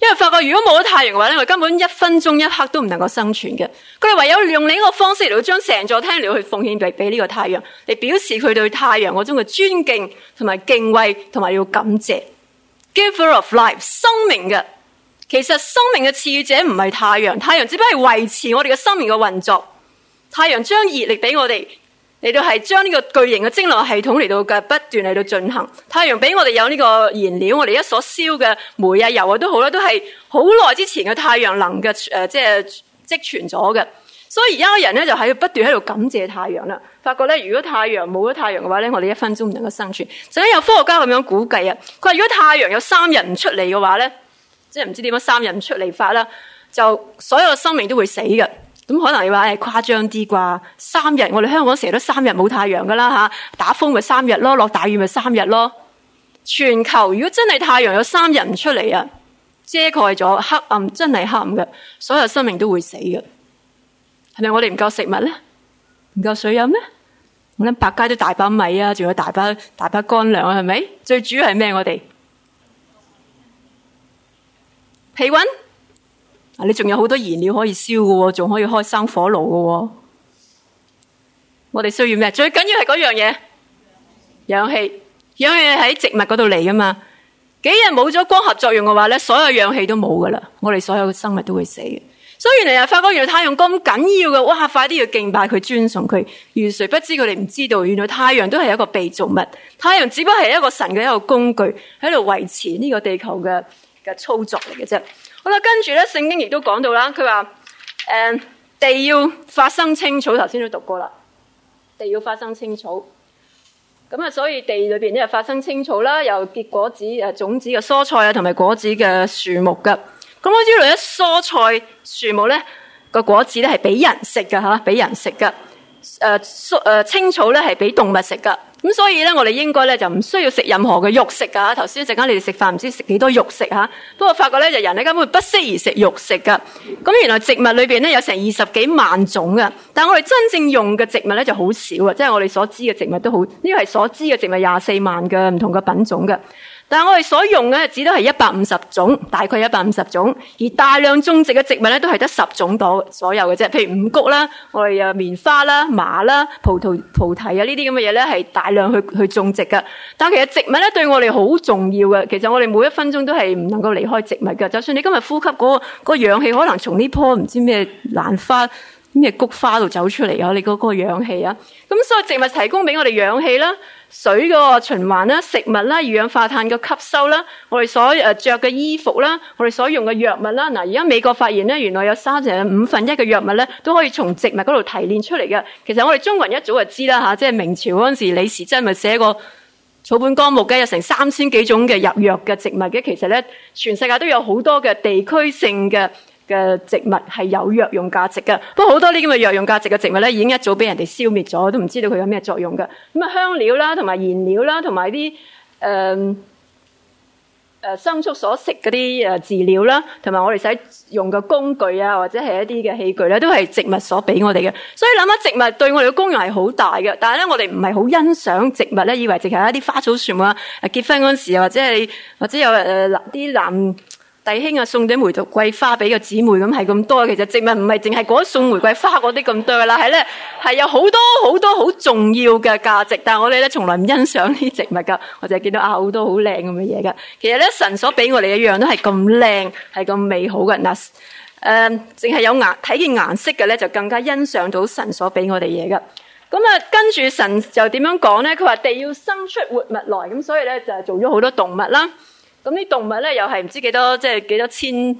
因為發覺如果冇咗太陽嘅話，根本一分鐘一刻都唔能夠生存嘅。佢哋唯有用你呢個方式嚟到，將成座廳嚟去奉獻俾呢個太陽，嚟表示佢對太陽嗰種嘅尊敬同埋敬畏同埋要感謝。Giver of life，生命嘅其實生命嘅賜予者唔係太陽，太陽只不過係維持我哋嘅生命嘅運作。太陽將熱力俾我哋。嚟到係將呢個巨型嘅蒸餾系統嚟到嘅不斷嚟到進行，太陽俾我哋有呢個燃料，我哋一所燒嘅煤啊油啊都好啦，都係好耐之前嘅太陽能嘅，誒、呃、即係積存咗嘅，所以而家人咧就喺度不斷喺度感謝太陽啦，發覺咧如果太陽冇咗太陽嘅話咧，我哋一分鐘唔能夠生存。甚至有科學家咁樣估計啊，佢話如果太陽有三人唔出嚟嘅話咧，即係唔知點解三人唔出嚟法啦，就所有嘅生命都會死嘅。咁可能你話，誒誇張啲啩？三日我哋香港成日都三日冇太陽㗎啦吓，打風咪三日囉，落大雨咪三日囉。全球如果真係太陽有三日唔出嚟呀，遮蓋咗黑暗，真係黑暗㗎。所有生命都會死㗎。係咪我哋唔夠食物呢？唔夠水飲呢？我諗百佳都大包米呀，仲有大包大包乾糧呀，係咪？最主要係咩？我哋體溫。你仲有好多燃料可以燒嘅，仲可以開生火爐嘅。我哋需要咩？最緊要係嗰樣嘢，氧氣，氧氣。氧氣喺植物嗰度嚟㗎嘛。幾日冇咗光合作用嘅話咧，所有氧氣都冇噶啦。我哋所有生物都會死。所以你又發覺原來太陽咁緊要嘅，哇！快啲要敬拜佢、尊崇佢。如誰不知佢哋唔知道，原來太陽都係一個被造物。太陽只不過係一個神嘅一個工具，喺度維持呢個地球嘅嘅操作嚟嘅啫。跟住咧，聖經亦都講到啦，佢話誒，地要發生青草，頭先都讀過啦，地要發生青草。咁啊，所以地裏邊咧發生青草啦，又結果子誒，種子嘅蔬菜，蔬菜啊，同埋果子嘅樹木噶。咁我知道一蔬菜樹木咧，個果子咧係俾人食嘅吓，俾人食嘅。誒，蔬誒青草咧係俾動物食噶。咁所以呢，我哋應該呢就唔需要食任何嘅肉食噶。頭先陣間你哋食飯，唔知食幾多肉食嚇。不過我發覺呢就人咧根本不適宜食肉食噶。咁原來植物裏面呢有成二十幾萬種㗎，但我哋真正用嘅植物呢就好少啊。即係我哋所知嘅植物都好，呢個係所知嘅植物廿四萬嘅唔同嘅品種㗎。但係我哋所用嘅，只都係一百五十種，大概一百五十種，而大量種植嘅植物呢，都係得十種度左右嘅啫。譬如五穀啦，我哋有棉花啦、麻啦、葡萄、菩提啊呢啲咁嘅嘢呢，係大量去去種植噶。但其實植物呢，對我哋好重要嘅。其實我哋每一分鐘都係唔能夠離開植物噶。就算你今日呼吸嗰個嗰個氧氣，可能從呢棵唔知咩蘭花、咩菊花度走出嚟啊，你嗰個氧氣啊。咁所以植物提供俾我哋氧氣啦，水個循環啦，食物啦，二氧化碳嘅吸收啦，我哋所著嘅衣服啦，我哋所用嘅藥物啦，嗱而家美國發現呢，原來有三成五分一嘅藥物呢，都可以從植物嗰度提煉出嚟㗎。其實我哋中國人一早就知啦嚇，即係明朝嗰陣時，李時珍咪寫過《草本綱目》嘅，有成三千幾種嘅入藥嘅植物嘅。其實呢，全世界都有好多嘅地區性嘅。嘅植物係有藥用價值嘅，不過好多呢啲咁嘅藥用價值嘅植物咧，已經一早俾人哋消滅咗，都唔知道佢有咩作用嘅。咁啊，香料啦，同埋燃料啦，同埋啲誒誒牲畜所食嗰啲誒飼料啦，同埋我哋使用嘅工具啊，或者係一啲嘅器具咧，都係植物所俾我哋嘅。所以諗下植物對我哋嘅功用係好大嘅，但係咧我哋唔係好欣賞植物咧，以為淨係一啲花草樹木啊。結婚嗰時，或者係或者有誒啲、呃、男。弟兄啊，送啲玫瑰花俾個姊妹咁，係咁多。其實植物唔係淨係嗰送玫瑰花嗰啲咁多噶，係咧係有好多好多好重要嘅價值。但係我哋咧從來唔欣賞啲植物噶，我淨係見到啊好多好靚咁嘅嘢噶。其實咧神所俾我哋一樣都係咁靚，係咁美好嘅嗱。誒，淨係有顏睇見顏色嘅咧，就更加欣賞到神所俾我哋嘢噶。咁啊，跟住神就點樣講咧？佢話地要生出活物來，咁所以咧就係做咗好多動物啦。咁啲動物呢，又係唔知幾多，即係幾多千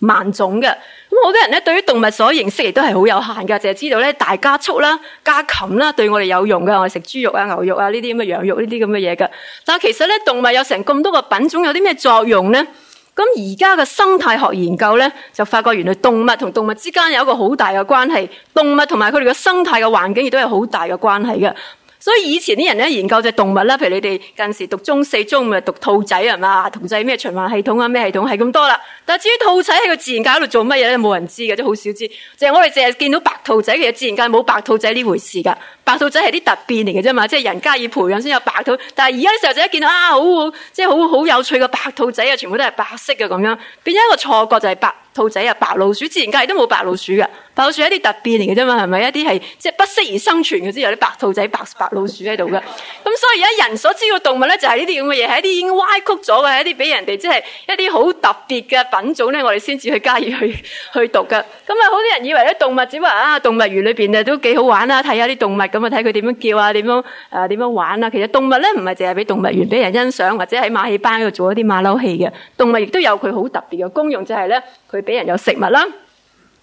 萬種嘅。咁好多人呢，對於動物所認識亦都係好有限㗎。淨係知道呢，大家畜啦、家禽啦對我哋有用㗎。我哋食豬肉啊、牛肉啊呢啲咁嘅羊肉呢啲咁嘅嘢㗎。但係其實呢，動物有成咁多個品種，有啲咩作用呢？咁而家嘅生態學研究呢，就發覺原來動物同動物之間有一個好大嘅關係，動物同埋佢哋嘅生態嘅環境亦都有好大嘅關係㗎。所以以前啲人咧研究隻動物啦，譬如你哋近時讀中四中咪讀兔仔係嘛，同濟咩循環系統呀？咩系統係咁多啦。但至於兔仔喺個自然界喺度做乜嘢咧，冇人知㗎。就好少知。就我哋淨係見到白兔仔嘅，其實自然界冇白兔仔呢回事㗎。白兔仔係啲突變嚟嘅啫嘛，即係人家要培養先有白兔。但係而家啲細路仔一見到啊，好好即係好好有趣嘅白兔仔啊，全部都係白色㗎。咁樣，變咗一個錯覺就係白。兔仔啊，白老鼠，自然界都冇白老鼠㗎，白老鼠一啲特別嚟嘅啫嘛，係咪？一啲係即係不適宜生存嘅，先有啲白兔仔、白老鼠喺度㗎。咁所以而家人所知嘅動物呢，就係呢啲咁嘅嘢，係一啲已經歪曲咗嘅，一啲俾人哋即係一啲好特別嘅品種呢，我哋先至去加以去去讀噶。咁好多人以為動動物只不過啊，動物園裏面都幾好玩啦，睇下啲動物咁啊，睇佢點樣叫啊，點樣玩啊。其實動物呢，唔係淨係俾動物園俾人欣賞，或者喺馬戲班嗰度做一啲馬騮戲嘅動物，亦都有佢好特別嘅功用，就係呢。佢畀人有食物啦，呢、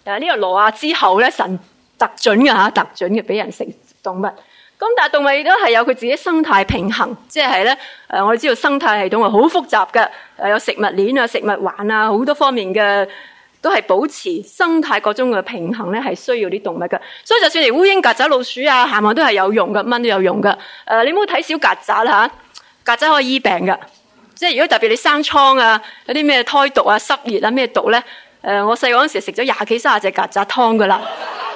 這個挪亞之後咧，神特准嘅吓，特准嘅畀人食動物。咁但係動物亦都係有佢自己的生態平衡，即係呢。我哋知道生態系統係好複雜㗎，有食物鏈啊、有食物環啊，好多方面嘅都係保持生態各種嘅平衡呢，係需要啲動物㗎。所以就算係烏蠅、曱甴、老鼠啊，行行都係有用㗎，蚊都有用㗎。誒，你唔好睇小曱甴啦吓，曱甴可以醫病㗎。即係如果特別你生瘡啊，有啲咩胎毒啊、濕熱啊咩毒咧？誒、呃，我細個嗰時食咗廿幾、卅隻曱甴湯噶啦，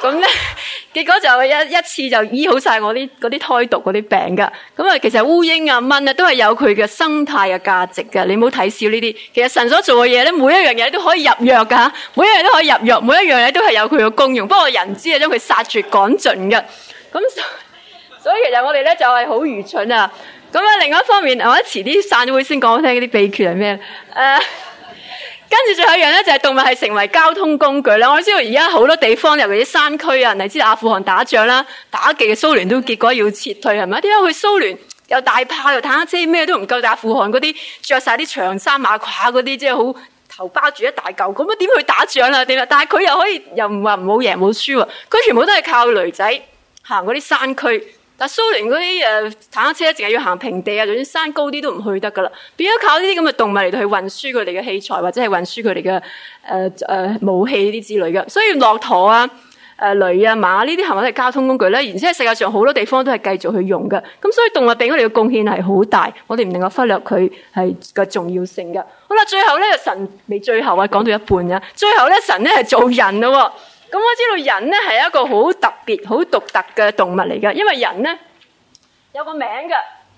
咁咧，結果就一一次就醫好晒我啲嗰啲胎毒嗰啲病噶。咁、嗯、啊，其實烏蠅啊，啊、蚊啊都係有佢嘅生態嘅價值噶。你唔好睇小呢啲。其實神所做嘅嘢咧，每一樣嘢都可以入藥噶，每一樣都可以入藥，每一樣嘢都係有佢嘅功用。不過人唔知啊，將佢殺絕趕盡噶。咁所，所以其實我哋咧就係、是、好愚蠢啊！咁另外一方面，我哋遲啲散咗會先講，聽嗰啲秘訣係咩？Uh, 跟住最後一樣就係、是、動物係成為交通工具。我知道而家好多地方，尤其是山區啊，你知阿富汗打仗啦，打極嘅蘇聯都結果要撤退係咪？點解去蘇聯又大炮又坦克車咩都唔夠？阿富汗嗰啲著曬啲長衫馬褂嗰啲，即係好頭包住一大嚿，咁啊點去打仗啦？點啊？但係佢又可以又唔話唔好贏唔好輸喎，佢全部都係靠驢仔行嗰啲山區。蘇聯嗰啲誒坦克車淨係要行平地啊，就算山高啲都唔去得噶啦。變咗靠呢啲咁嘅動物嚟到去運輸佢哋嘅器材，或者係運輸佢哋嘅誒誒武器呢啲之類嘅。所以駱駝啊、誒、呃、驢啊、馬呢啲係咪都係交通工具咧？而且喺世界上好多地方都係繼續去用嘅。咁所以動物俾我哋嘅貢獻係好大，我哋唔能夠忽略佢係個重要性嘅。好啦，最後咧神未最後啊，講到一半啊。最後咧神咧係做人咯，哦。咁、嗯、我知道人咧係一個好特別、好獨特嘅動物嚟噶因為人咧有個名嘅，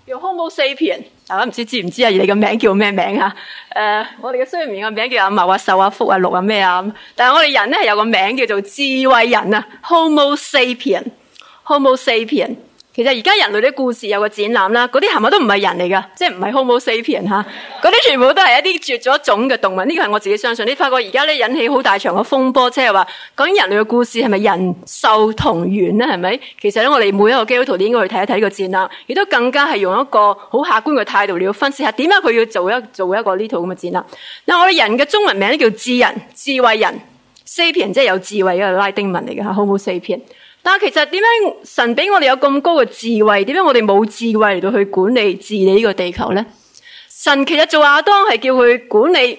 叫 Homo sapien。大家唔知道知唔知啊？而你嘅名字叫咩名啊？誒、呃，我哋嘅衰人嘅名字叫阿茂啊、壽啊、福啊、祿啊咩啊。但係我哋人咧有個名字叫做智慧人啊，Homo sapien，Homo sapien。 其實而家人類的故事有個展覽啦，嗰啲係咪都唔係人嚟㗎？即係唔係 Homo sapien 吓，嗰啲全部都係一啲絕咗種嘅動物。呢個係我自己相信的。你發覺而家咧引起好大場嘅風波，即係話講人類嘅故事係咪人獸同源呢？係咪？其實呢，我哋每一個基督徒都應該去睇一睇呢個展覽，亦都更加係用一個好客觀嘅態度嚟去分析一下，點解佢要做一做一個呢套咁嘅展覽。我哋人嘅中文名咧叫智人、智慧人，sapien 即係、就是、有智慧嘅拉丁文嚟嘅吓，Homo sapien。但其實點解神俾我哋有咁高嘅智慧？點解我哋冇智慧嚟到去管理治理呢個地球呢？神其實做亞當係叫佢管理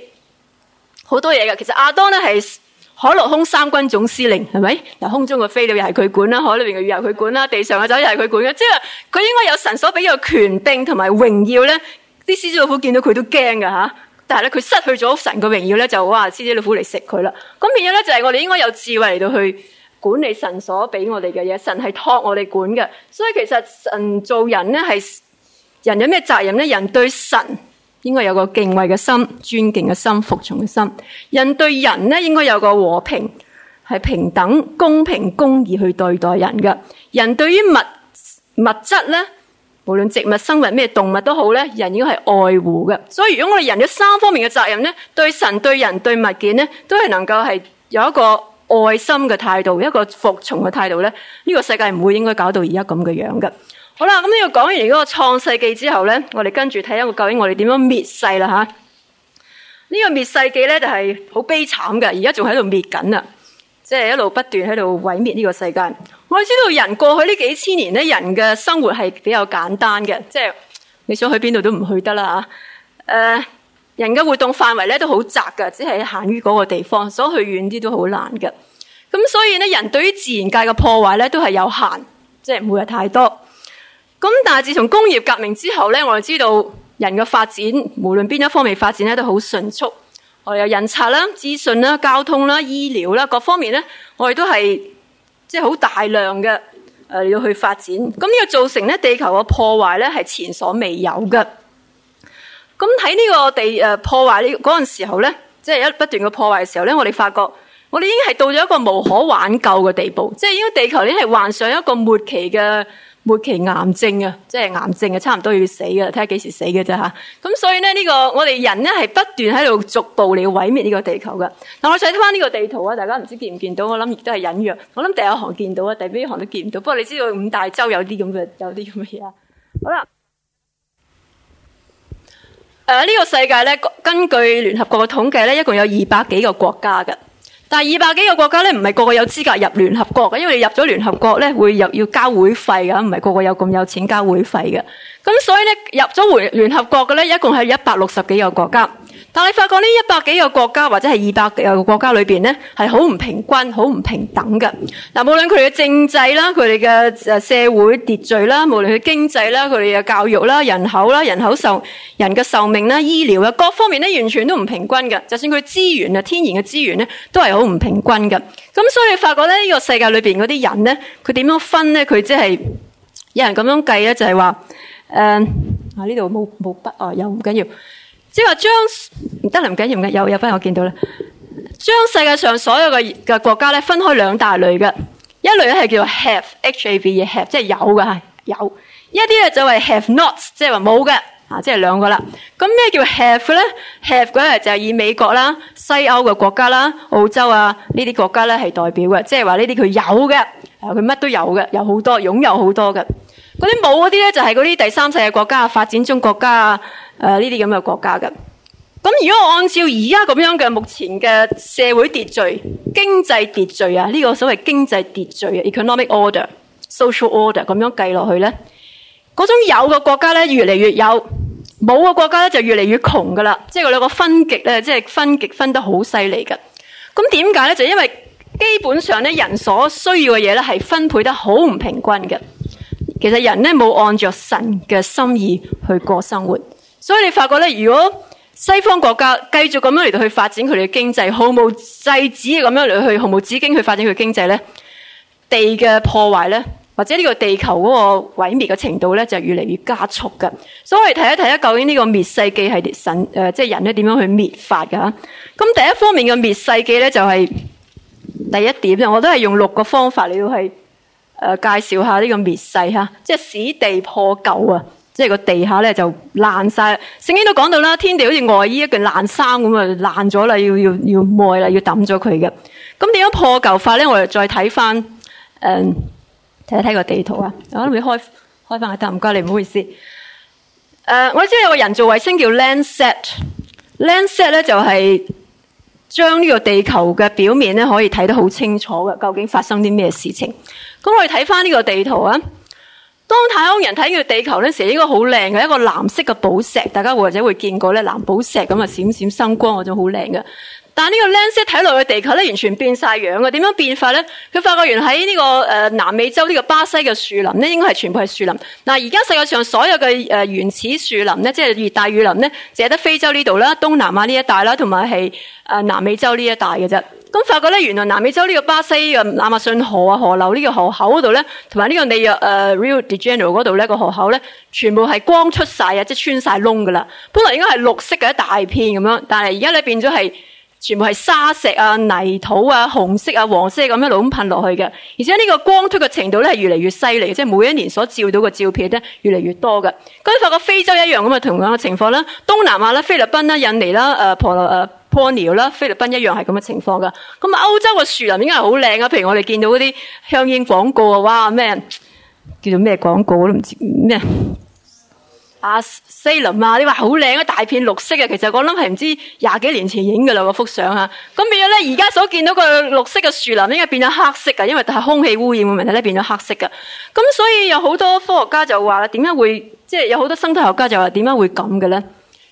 好多嘢嘅。其實亞當呢係海陸空三軍總司令，係咪？由空中嘅飛鳥又係佢管啦，海裏面嘅魚又佢管啦，地上嘅酒又係佢管嘅。即係佢應該有神所俾嘅權柄同埋榮耀呢。啲獅子老虎見到佢都驚噶但係呢，佢失去咗神嘅榮耀呢，就哇，獅子老虎嚟食佢喇。噉變咗呢，就係我哋應該有智慧嚟到去。管理神所俾我哋嘅嘢，神係託我哋管嘅，所以其實神做人呢，係人有咩責任呢？人對神應該有個敬畏嘅心、尊敬嘅心、服從嘅心。人對人呢，應該有個和平、係平等、公平、公義去對待人嘅。人對於物物質呢，無論植物、生物、咩動物都好呢，人應該係愛護嘅。所以如果我哋人有三方面嘅責任呢，對神、對人、對物件呢，都係能夠係有一個。愛心嘅態度，一個服從嘅態度咧，呢個世界唔會應該搞到而家咁嘅樣噶。好啦，咁呢個講完嗰個創世紀之後咧，我哋跟住睇一下究竟我哋點樣滅世啦吓。呢個滅世記咧就係好悲慘嘅，而家仲喺度滅緊啊，即係一路不斷喺度毀滅呢個世界。我知道人過去呢幾千年咧，人嘅生活係比較簡單嘅，即係你想去邊度都唔去得啦吓。誒、呃。人嘅活動範圍咧都好窄嘅，只係限於嗰個地方，所以去遠啲都好難嘅。咁所以咧，人對於自然界嘅破壞咧都係有限，即係唔會係太多。咁但係自從工業革命之後咧，我哋知道人嘅發展，無論邊一方面發展咧都好迅速，我哋有印刷啦、資訊啦、交通啦、醫療啦各方面咧，我哋都係即係好大量嘅，誒要去發展。咁呢個造成咧地球嘅破壞咧係前所未有嘅。咁喺呢個地誒、呃、破壞呢嗰陣時候咧，即係一不斷嘅破壞嘅時候咧，我哋發覺我哋已經係到咗一個無可挽救嘅地步，即係因為地球已經係患上一個末期嘅末期癌症啊，即係癌症啊，差唔多要死噶，睇下幾時死嘅啫吓。咁所以咧呢個我哋人咧係不斷喺度逐步嚟毀滅呢個地球㗎。嗱，我想睇翻呢個地圖啊，大家唔知見唔見到？我諗亦都係隱約。我諗第一行見到啊，第二行都見唔到。不過你知道五大洲有啲咁嘅有啲咁嘅嘢啊。好啦。誒，呢、啊，這個世界咧，根據聯合國的統計咧，一共有二百幾個國家嘅。但係二百幾個國家咧，唔係個個有資格入聯合國嘅，因為你入咗聯合國咧，會入要交會費㗎，唔係個個有咁有錢交會費㗎。咁所以呢，入咗聯合國嘅咧，一共係一百六十幾個國家。但係發覺呢一百幾個國家或者係二百幾個國家裏邊咧，係好唔平均，好唔平等嘅。嗱，無論佢哋嘅政制啦，佢哋嘅誒社會秩序啦，無論佢經濟啦，佢哋嘅教育啦，人口啦，人口壽人嘅壽命啦，醫療啊各方面咧，完全都唔平均嘅。就算佢資源啊，天然嘅資源咧，都係好唔平均嘅。咁所以你發覺咧，呢個世界裏邊嗰啲人咧，佢點樣分咧？佢即係有人咁樣計咧，就係話誒，啊呢度冇冇筆啊，又唔緊要。即係話將唔得唔緊要嘅，有有翻我見到啦。將世界上所有嘅嘅國家咧，分開兩大類嘅，一類咧係叫做 have，h a v e have，即係有嘅吓，有一啲咧就係 have not，即係話冇嘅，啊，即係兩個啦。咁咩叫 have 咧？have 嗰日就係以美國啦、西歐嘅國家啦、澳洲啊呢啲國家咧係代表嘅，即係話呢啲佢有嘅，啊，佢乜都有嘅，有好多，擁有好多嘅。嗰啲冇嗰啲咧就係嗰啲第三世界國家、發展中國家啊。誒，呢啲咁嘅國家㗎。咁，如果按照而家咁樣嘅目前嘅社會秩序、經濟秩序啊，呢個所謂經濟秩序啊 （economic order, social order） 咁樣計落去咧，嗰種有嘅國家咧越嚟越有，冇嘅國家咧就越嚟越窮噶啦。即係佢兩個分極咧，即係分極分得好犀利㗎。咁點解咧？就因為基本上咧，人所需要嘅嘢咧係分配得好唔平均嘅。其實人咧冇按着神嘅心意去過生活。所以你發覺咧，如果西方國家繼續咁樣嚟到去發展佢哋嘅經濟，毫無制止咁樣嚟去，毫無止境去發展佢經濟咧，地嘅破壞咧，或者呢個地球嗰個毀滅嘅程度咧，就越嚟越加速嘅。所以我哋睇一睇，究竟呢個滅世紀係神誒，即係人咧點樣去滅法㗎。吓，咁第一方面嘅滅世紀咧，就係、是、第一點咧，我都係用六個方法嚟到去誒介紹下呢個滅世吓，即係使地破舊啊。即係個地下咧就爛晒，聖經都講到啦，天地好似外衣一件爛衫咁啊，爛咗啦，要要要愛啦，要抌咗佢嘅。咁點樣破舊法咧？我哋再睇翻，誒、呃，睇一睇個地圖啊，我諗要開開翻，得唔該你，唔好意思。誒、呃，我知道有個人造衛星叫 Landsat，Landsat 咧就係將呢個地球嘅表面咧可以睇得好清楚嘅，究竟發生啲咩事情。咁我哋睇翻呢個地圖啊。當太空人睇住地球嘅時候，應該好靚嘅一個藍色嘅寶石，大家或者會見過咧，藍寶石咁啊，閃閃生光嗰種好靚嘅。但係呢個僆仔睇落去地球呢完全變晒樣㗎。點樣變化呢？佢發覺原喺呢個誒、呃、南美洲呢個巴西嘅樹林呢應該係全部係樹林。嗱，而家世界上所有嘅誒、呃、原始樹林呢，即係熱帶雨林呢，淨係得非洲呢度啦、東南亞呢一帶啦，同埋係誒南美洲呢一帶嘅啫。咁發覺呢，原來南美洲呢個巴西嘅、這個、亞馬遜河啊、河流呢個河口嗰度呢，同埋、呃、呢個里約 Rio de Janeiro 嗰度呢個河口呢，全部係光出晒啊，即穿晒窿㗎啦。本來應該係綠色嘅一大片咁樣，但係而家呢變咗係。全部係沙石啊、泥土啊、紅色啊、黃色咁、啊、一路咁噴落去嘅，而且呢個光禿嘅程度咧係越嚟越犀利。即係每一年所照到嘅照片咧越嚟越多嘅。跟住發覺非洲一樣咁啊，同樣嘅情況啦，東南亞啦、啊、菲律賓啦、啊、印尼啦、啊、誒婆羅、誒波尼啦、菲律賓一樣係咁嘅情況嘅。咁啊，歐洲嘅樹林應該係好靚啊，譬如我哋見到嗰啲香煙廣告啊，哇，咩叫做咩廣告我都唔知咩。阿、啊、森林啊，你話好靚一大片綠色啊。其實我諗係唔知廿幾年前影嘅啦，個幅相啊。咁變咗咧，而家所見到個綠色嘅樹林，應該變咗黑色嘅，因為係空氣污染嘅問題咧，變咗黑色嘅。咁所以有好多科學家就話啦，點解會即係、就是、有好多生態學家就話點解會咁嘅咧？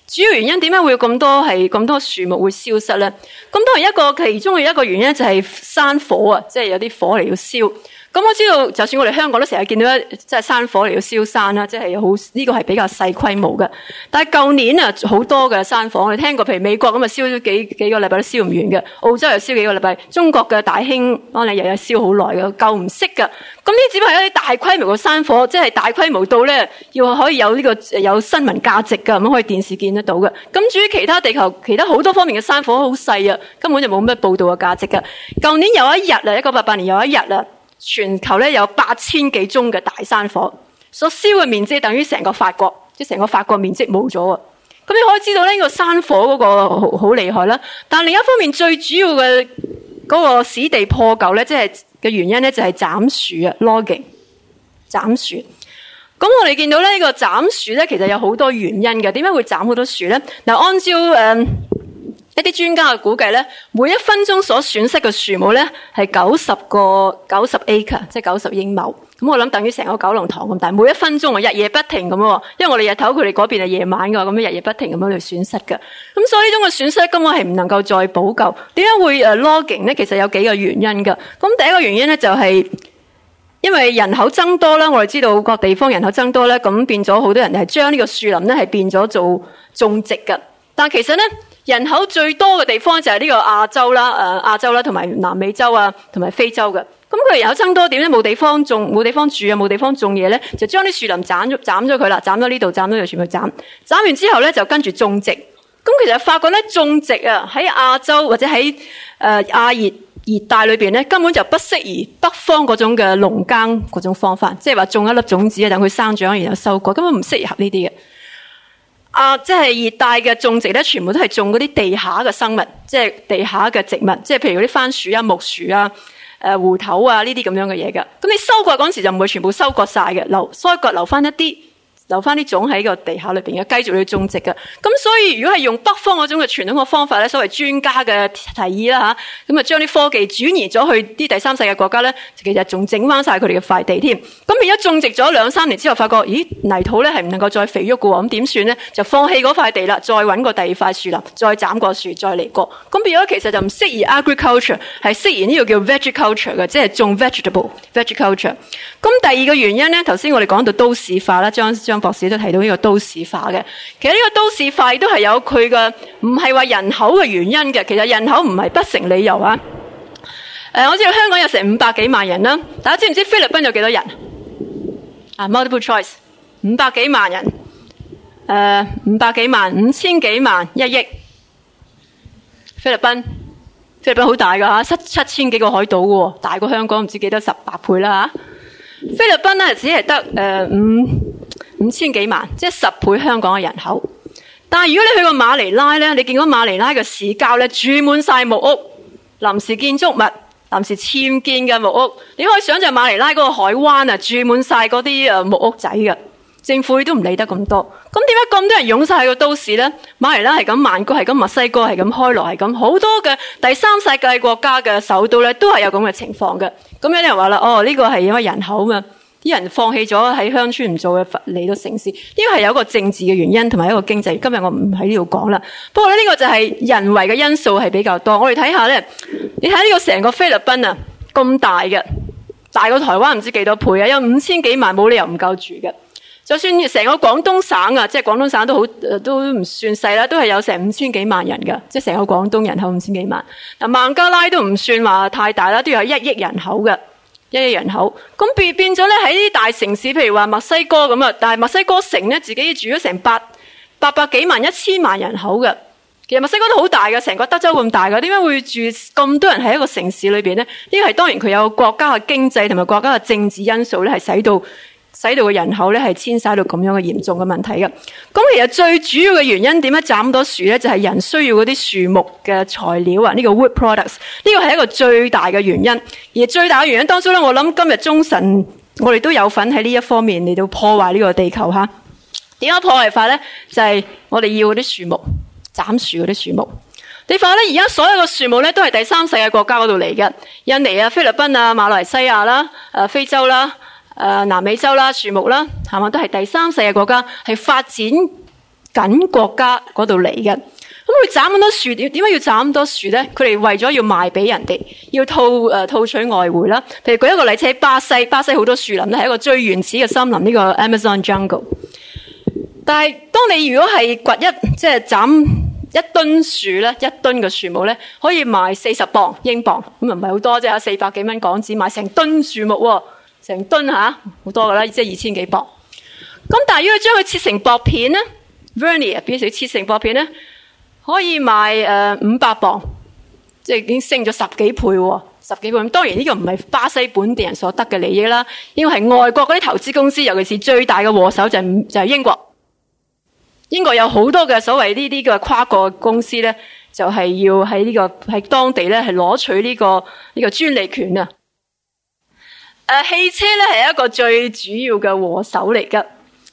主要原因點解會咁多係咁多樹木會消失咧？咁當然一個其中嘅一個原因就係山火啊，即、就、係、是、有啲火嚟要燒。咁我知道，就算我哋香港都成日見到一隻山火嚟到燒山啦，即係好呢個係比較細規模嘅。但係舊年啊好多嘅山火，我哋聽過，譬如美國咁啊燒咗幾幾個禮拜都燒唔完嘅，澳洲又燒幾個禮拜，中國嘅大興安嶺日日燒好耐嘅，救唔熄㗎。咁呢？只不過係一啲大規模嘅山火，即係大規模到呢，要可以有呢個有新聞價值㗎。咁可以電視見得到嘅。咁至於其他地球其他好多方面嘅山火都好細呀，根本就冇咩報道嘅價值㗎。舊年有一日啊，一九八八年有一日啊。全球咧有八千幾宗嘅大山火，所燒嘅面積等於成個法國，即係成個法國面積冇咗啊！咁你可以知道呢個山火嗰個好厲害啦。但另一方面，最主要嘅嗰個史地破舊呢，即係嘅原因呢，就係斬樹啊，logging，斬樹。咁我哋見到呢個斬樹呢，其實有好多原因嘅。點解會斬好多樹呢？嗱，按照，uh, 一啲專家估計呢，每一分鐘所損失嘅樹木呢，係九十個九十 acre，即九十英畝。咁我諗等於成個九龍塘咁大。每一分鐘啊，日夜不停咁，因為我哋日頭佢哋嗰邊係夜晚噶，咁日夜不停咁樣去損失嘅。咁所以呢種嘅損失根本係唔能夠再補救。點解會 logging 呢？其實有幾個原因噶。咁第一個原因呢，就是，就係因為人口增多啦。我哋知道各地方人口增多呢，咁變咗好多人係將呢個樹林呢係變咗做種植噶。但其實呢，人口最多嘅地方就係呢個亞洲啦，誒、呃、亞洲啦，同埋南美洲啊，同埋非洲嘅。咁佢有增多點咧，冇地方種，冇地方住啊，冇地方種嘢咧，就將啲樹林斬咗，斬咗佢啦，斬咗呢度，斬咗就全部斬。斬完之後咧，就跟住種植。咁、嗯、其實發覺咧，種植啊，喺亞洲或者喺誒亞熱熱帶裏邊咧，根本就不適宜北方嗰種嘅農耕嗰種方法，即係話種一粒種子，等佢生長，然後收割，根本唔適合呢啲嘅。啊，即係熱帶嘅種植呢，全部都係種嗰啲地下嘅生物，即係地下嘅植物，即係譬如嗰啲番薯啊、木薯啊、誒芋頭啊呢啲咁樣嘅嘢㗎。咁你收割嗰時就唔會全部收割晒嘅，留衰腳留返一啲。留返啲種喺個地下裏面嘅，繼續去種植嘅。咁所以如果係用北方嗰種嘅傳統嘅方法呢，所謂專家嘅提議啦嚇，咁將啲科技轉移咗去啲第三世界國家呢，其實仲整返晒佢哋嘅塊地添。咁而家種植咗兩三年之後，發覺咦泥土呢係唔能夠再肥沃嘅喎，咁點算呢？就放棄嗰塊地啦，再搵個第二塊樹喇，再砍過樹，再嚟過。咁變咗其實就唔適宜 agriculture，係適宜呢個叫 vegetable 嘅，即係種 vegetable vegetable。咁第二個原因呢，頭先我哋講到都市化啦，將將。博士都提到呢個都市化嘅，其實呢個都市化都係有佢嘅，唔係話人口嘅原因嘅。其實人口唔係不成理由啊。誒、呃，我知道香港有成五百幾萬人啦。大家知唔知菲律賓有幾多人？啊，Multiple choice，五百幾萬人。誒、呃，五百幾萬，五千幾萬，一億。菲律賓，菲律賓好大㗎吓，七七千幾個海島嘅，大過香港唔知幾多十八倍啦吓、啊。菲律賓呢，只係得誒、呃、五。五千幾萬，即係十倍香港嘅人口。但係如果你去個馬尼拉呢，你見到馬尼拉的市郊呢，住滿晒木屋、臨時建築物、臨時遷建嘅木屋，你可以想象馬尼拉嗰個海灣啊住滿晒嗰啲木屋仔嘅，政府都唔理得咁多。咁點解咁多人湧晒喺個都市呢？馬尼拉係咁，曼谷係咁，墨西哥係咁，開羅係咁，好多嘅第三世界國家嘅首都呢，都係有咁嘅情況嘅。咁有人話啦，哦呢個係因為人口嘛。啲人放棄咗喺鄉村唔做嘅，嚟到城市，呢個係有個政治嘅原因，同埋一個經濟。今日我唔喺呢度講啦。不過咧，呢、這個就係人為嘅因素係比較多。我哋睇下呢，你睇呢個成個菲律賓啊，咁大嘅，大過台灣唔知幾多倍啊，有五千幾萬，冇理由唔夠住嘅。就算成個廣東省啊，即係廣東省都好，都唔算細啦，都係有成五千幾萬人嘅，即成個廣東人口五千幾萬。曼孟加拉都唔算話太大啦，都有一億人口嘅。一啲人口，咁變變咗咧喺啲大城市，譬如話墨西哥咁啊，但係墨西哥城咧自己住咗成八八百幾萬、一千萬人口嘅，其實墨西哥都好大㗎，成個德州咁大㗎。點解會住咁多人喺一個城市裏邊呢？呢個係當然佢有國家嘅經濟同埋國家嘅政治因素咧，係使到。使到個人口咧係遷徙到咁樣嘅嚴重嘅問題嘅，咁其實最主要嘅原因點解斬多樹咧？就係、是、人需要嗰啲樹木嘅材料啊，呢、這個 wood products，呢個係一個最大嘅原因。而最大嘅原因當中咧，我諗今日中神，我哋都有份喺呢一方面嚟到破，破壞呢個地球吓。點解破壞法咧？就係、是、我哋要嗰啲樹木，斬樹嗰啲樹木。你發覺咧，而家所有嘅樹木咧，都係第三世界國家嗰度嚟嘅，印尼啊、菲律賓啊、馬來西亞啦、誒非洲啦。誒、呃、南美洲啦，樹木啦，係咪都係第三世界國家，係發展緊國家嗰度嚟嘅。咁佢斬咁多樹，點點解要斬咁多樹呢？佢哋為咗要賣俾人哋，要套、呃、套取外匯啦。譬如舉一個例子，喺巴西，巴西好多樹林都係一個最原始嘅森林，呢、這個 Amazon Jungle。但係當你如果係掘一即係、就是、斬一噸樹呢，一噸嘅樹木呢，可以賣四十磅英鎊，咁唔係好多啫嚇，四百幾蚊港紙買成噸樹木喎、啊。成噸吓，好多㗎啦，即係二千幾磅。咁但係如果將佢切成薄片咧，Vernier 變成切成薄片咧，可以賣誒五百磅，即係已經升咗十幾倍，十幾倍。咁當然呢個唔係巴西本地人所得嘅利益啦，因為係外國嗰啲投資公司，尤其是最大嘅禍首就係就係英國。英國有好多嘅所謂呢啲嘅跨國公司咧，就係要喺呢個喺當地咧係攞取呢個呢個專利權啊。汽車咧係一個最主要嘅禍首嚟噶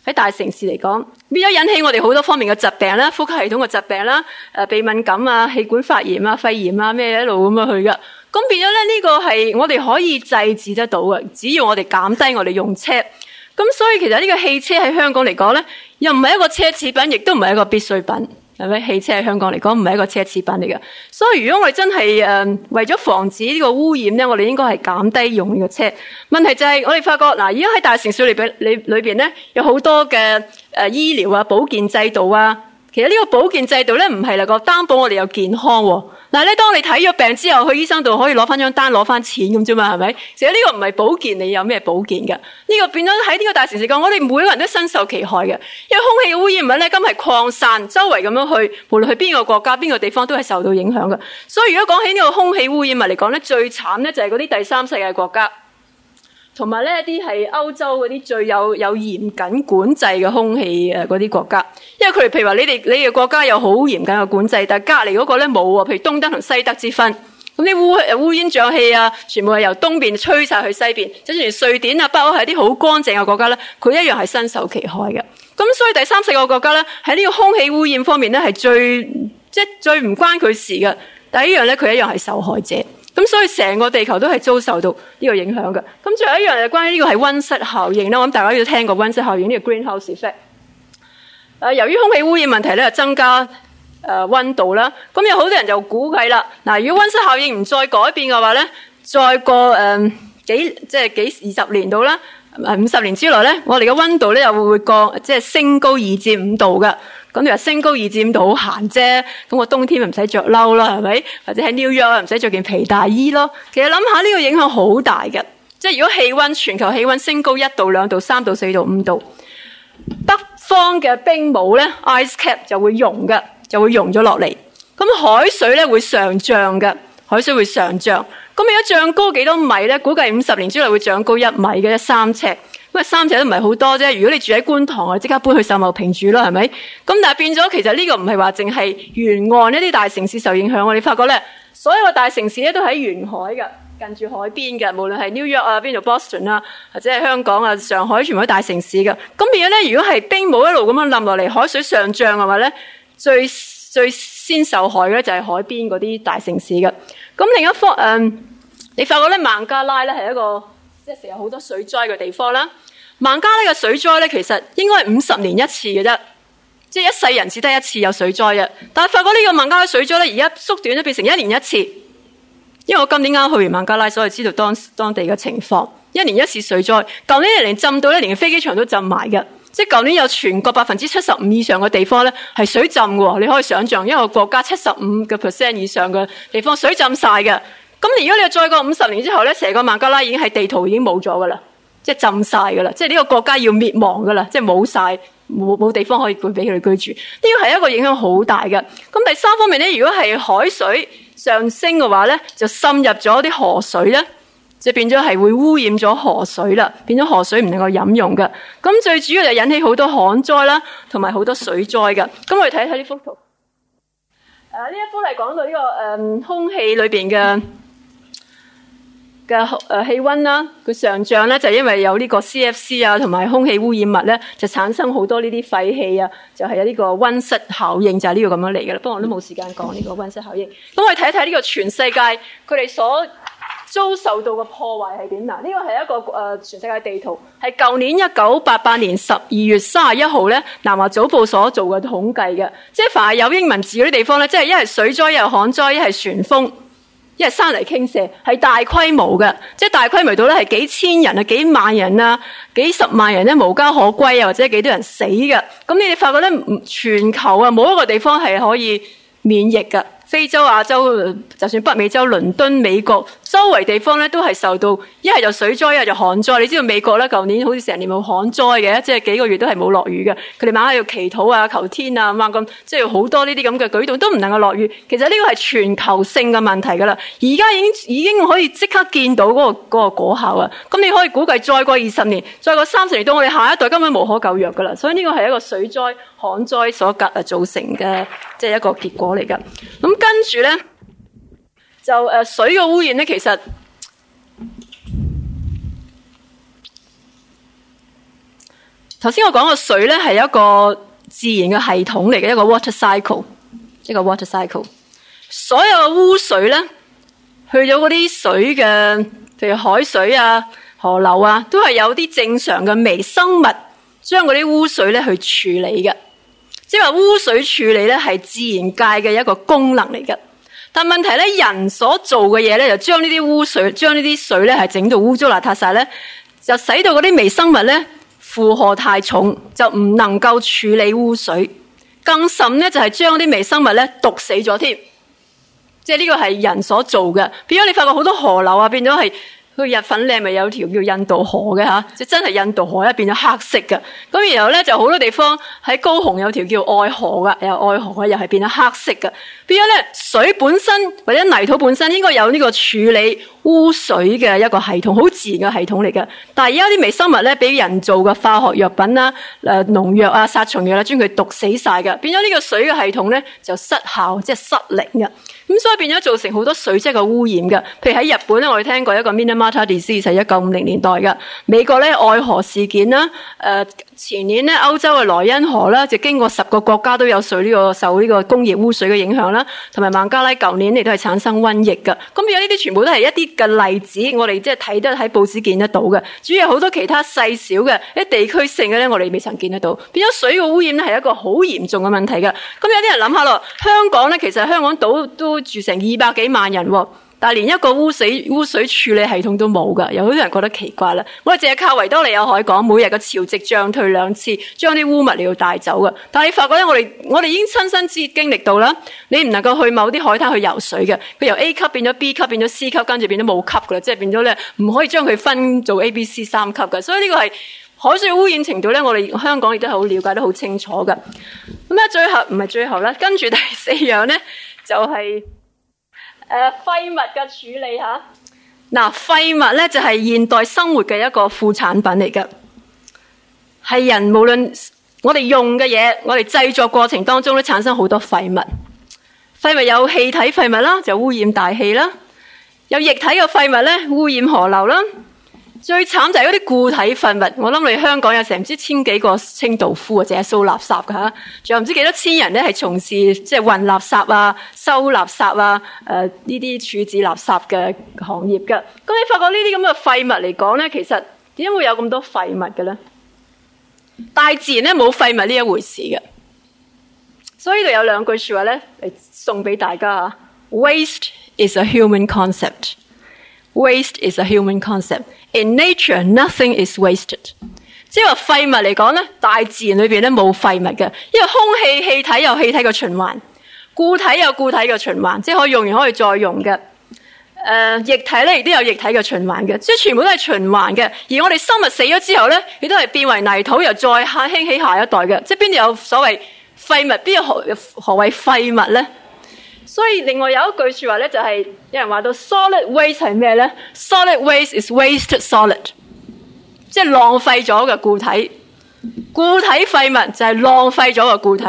喺大城市嚟講，變咗引起我哋好多方面嘅疾病啦，呼吸系統嘅疾病啦，誒、呃，鼻敏感啊，氣管發炎啊，肺炎啊，咩一路咁樣去的。咁變咗咧，呢個係我哋可以制止得到的，只要我哋減低我哋用車。咁所以其實呢個汽車喺香港嚟講呢，又唔係一個奢侈品，亦都唔係一個必需品。係咪汽車喺香港嚟講唔係一個奢侈品嚟嘅？所以如果我哋真係誒、呃、為咗防止呢個污染呢，我哋應該係減低用呢個車。問題就係我哋發覺嗱，而家喺大城市裏面呢，有好多嘅醫、呃、醫療啊、保健制度啊。其實呢個保健制度呢，唔係嚟講擔保我哋有健康。但係呢，當你睇咗病之後，去醫生度可以攞返張單，攞返錢咁咋嘛，係咪？其實呢個唔係保健，你有咩保健嘅？呢個變咗喺呢個大城市講，我哋每一個人都深受其害嘅。因為空氣嘅污染物呢，今日擴散周圍咁樣去，無論去邊個國家、邊個地方都係受到影響嘅。所以如果講起呢個空氣污染物嚟講呢，最慘呢就係嗰啲第三世界國家。同埋呢一啲係歐洲嗰啲最有有嚴謹管制嘅空氣嗰啲國家，因為佢哋譬如話，你哋你嘅國家有好嚴謹嘅管制，但係隔籬嗰個咧冇啊，譬如東德同西德之分，咁啲污誒烏煙瘴氣啊，全部係由東邊吹晒去西邊，甚至連瑞典啊，包括係啲好乾淨嘅國家咧，佢一樣係深受其害嘅。咁所以第三、四個國家咧，喺呢個空氣污染方面咧，係最即係最唔關佢事嘅，但係一樣咧，佢一樣係受害者。咁所以成個地球都係遭受到呢個影響嘅。咁最後一樣就關於呢個係温室效應啦。我諗大家要聽過温室效應呢、呢個 greenhouse effect。誒、呃，由於空氣污染問題就增加誒温、呃、度啦。咁有好多人就估計啦，嗱、呃，如果温室效應唔再改變嘅話呢，再過誒、呃、幾即係幾二十年到啦，五十年之內呢，我哋嘅温度呢又會降，即係升高二至五度嘅。咁你話升高二至五度好閒啫，咁我冬天唔使着褸啦，係咪？或者喺 New York 唔使着件皮大衣囉。其實諗下呢個影響好大㗎。即係如果氣溫，全球氣溫升高一度、兩度、三度、四度、五度，北方嘅冰帽呢 ice cap 就會融㗎，就會融咗落嚟。咁海水呢會上漲㗎。海水會上漲。咁如果漲高幾多米呢？估計五十年之內會漲高一米嘅一三尺。三者都唔係好多啫。如果你住喺觀塘，即刻搬去秀茂坪住咯，係咪？咁但係變咗，其實呢個唔係話淨係沿岸一啲大城市受影響。你發覺呢，所有嘅大城市咧都喺沿海嘅，近住海邊嘅。無論係 New York 啊、邊度 Boston 啦，或者係香港啊、上海，全部都大城市嘅。咁變咗呢，如果係冰帽一路咁樣冧落嚟，海水上漲，係咪咧？最最先受害嘅咧就係海邊嗰啲大城市嘅。咁另一方、嗯，你發覺呢，孟加拉呢係一個。即係成日好多水災嘅地方啦，孟加拉嘅水災咧，其實應該係五十年一次嘅啫，即係一世人只得一次有水災嘅。但係發覺呢個孟加拉的水災咧，而家縮短咗，變成一年一次。因為我今年啱去完孟加拉，所以知道當當地嘅情況，一年一次水災。舊年一年浸到咧，連飛機場都浸埋嘅。即係舊年有全國百分之七十五以上嘅地方咧係水浸嘅，你可以想象一個國家七十五個 percent 以上嘅地方水浸晒嘅。咁如果你再過五十年之後咧，成個孟加拉已經係地圖已經冇咗噶啦，即係浸曬噶啦，即係呢個國家要滅亡噶啦，即係冇晒冇冇地方可以俾佢哋居住。呢個係一個影響好大嘅。咁第三方面咧，如果係海水上升嘅話咧，就滲入咗啲河水咧，就變咗係會污染咗河水啦，變咗河水唔能夠飲用㗎。咁最主要就引起好多旱災啦，同埋好多水災㗎。咁我哋睇一睇呢幅圖。誒、啊，呢一幅嚟講到呢、呢個誒、嗯、空氣裏邊嘅。嘅誒氣温啦，佢上漲呢，就因為有呢個 CFC 啊，同埋空氣污染物呢，就產生好多呢啲廢氣啊，就係有呢個温室效應，就係呢個咁樣嚟嘅啦。不過我都冇時間講呢個温室效應。咁我哋睇一睇呢個全世界佢哋所遭受到嘅破壞係點啦？呢、呢個係一個、呃、全世界地圖，係舊年一九八八年十二月三十一號呢，《南華早報》所做嘅統計嘅，即係凡係有英文字嗰啲地方呢，即係一係水災，一係旱災，一係旋風。一日山泥傾瀉，係大規模嘅，即係、即係、大規模到呢，係幾千人啊、幾萬人啦、幾十萬人呢，無家可歸啊，或者幾多人死嘅，咁你哋發覺呢？全球啊冇一個地方係可以免疫嘅。非洲、亞洲，就算北美洲、倫敦、美國。周圍地方呢都係受到一係就水災，一係就旱災。你知道美國呢，舊年好似成年冇旱災嘅，即係幾個月都係冇落雨嘅。佢哋晚黑要祈禱啊，求天啊，咁樣咁，即係好多呢啲咁嘅舉動都唔能夠落雨。其實呢個係全球性嘅問題㗎啦，而家已經已經可以即刻見到嗰個嗰個果效啊。咁你可以估計再過二十年，再過三十年到我哋下一代根本無可救藥㗎啦。所以呢個係一個水災旱災所夾造成嘅，即係一個結果嚟㗎。咁跟住呢。就誒、呃、水嘅污染咧，其實頭先我講個水咧係一個自然嘅系統嚟嘅，一個 water cycle，一個 water cycle。所有嘅污水咧去咗嗰啲水嘅，譬如海水啊、河流啊，都係有啲正常嘅微生物將嗰啲污水咧去處理嘅，即係話污水處理咧係自然界嘅一個功能嚟嘅。但問題咧，人所做嘅嘢咧，就將呢啲污水，將呢啲水咧，係整到污糟邋遢晒咧，就使到嗰啲微生物咧負荷太重，就唔能夠處理污水，更甚咧就係將啲微生物咧毒死咗添，即係呢個係人所做嘅，變咗你發覺好多河流啊，變咗係。佢日粉靚咪有條叫印度河嘅，真係印度河變咗黑色㗎。咁然後呢，就好多地方喺，高雄有條叫愛河㗎。又是愛河又係變咗黑色㗎。變咗呢，水本身或者泥土本身應該有呢個處理污水嘅一個系統，好自然嘅系統嚟㗎。但係而家啲微生物呢，俾人造嘅化學藥品啦、誒農藥啊、殺蟲藥啦，將佢毒死晒㗎。變咗呢個水嘅系統呢，就失效，即係失靈㗎。咁所以變咗造成好多水質嘅污染嘅，譬如喺日本咧，我哋聽過一個 Minamata Disease，係一九五零年代嘅美國咧愛河事件啦，呃前年呢歐洲嘅萊茵河啦就經過十個國家都有水呢、呢個、受呢個工業污水嘅影響啦，同埋孟加拉舊年亦都係產生瘟疫嘅。咁有呢啲全部都係一啲嘅例子，我哋即係睇得喺報紙見得到嘅。主要好多其他細小嘅一地區性嘅呢，我哋未曾見得到。變咗水嘅污染咧係一個好嚴重嘅問題㗎。咁有啲人諗下咯，香港呢，其實香港島都住成二百幾萬人喎。但連一個污水污水處理系統都冇噶，有好多人覺得奇怪啦。我哋淨係靠維多利亞海港，每日嘅潮汐漲退兩次，將啲污物嚟到帶走噶。但係你發覺咧，我哋我哋已經親身之經歷到啦，你唔能夠去某啲海灘去游水嘅。佢由 A 級變咗 B 級，變咗 C 級，跟住變咗冇級噶啦，即係變咗咧唔可以將佢分做 A、B、C 三級㗎。所以呢個係海水污染程度咧，我哋香港亦都係好了解得好清楚噶。咁啊，最後唔係最後啦，跟住第四樣咧就係、是。誒，廢、呃、物嘅處理吓，嗱，廢、呃、物咧就係、是、現代生活嘅一個副產品嚟嘅，係人無論我哋用嘅嘢，我哋製作過程當中都產生好多廢物，廢物有氣體廢物啦，就污染大氣啦，有液體嘅廢物咧污染河流啦。最慘就係嗰啲固體廢物，我諗你香港有成唔知千幾個清道夫或者收掃垃圾噶吓，仲有唔知幾多千人呢係從事即係運垃圾啊、收垃圾啊、呢啲處置垃圾嘅行業噶。咁你發覺呢啲咁嘅廢物嚟講呢，其實點解會有咁多廢物嘅呢？大自然呢冇廢物呢一回事嘅。所以呢度有兩句說話咧送畀大家：Waste is a human concept. Waste is a human concept. In nature, nothing is wasted。即係話廢物嚟講咧，大自然裏邊咧冇廢物嘅，因為空氣氣體有氣體嘅循環，固體有固體嘅循環，即係可以用完可以再用嘅。誒、呃，液體咧亦都有液體嘅循環嘅，即係全部都係循環嘅。而我哋生物死咗之後咧，亦都係變為泥土，又再興起下一代嘅。即係邊度有所謂廢物，邊度何何謂廢物咧？所以另外有一句說話咧，就係有人話到 solid waste 係咩咧？solid waste is wasted solid，即係浪費咗嘅固體，固體廢物就係浪費咗嘅固體。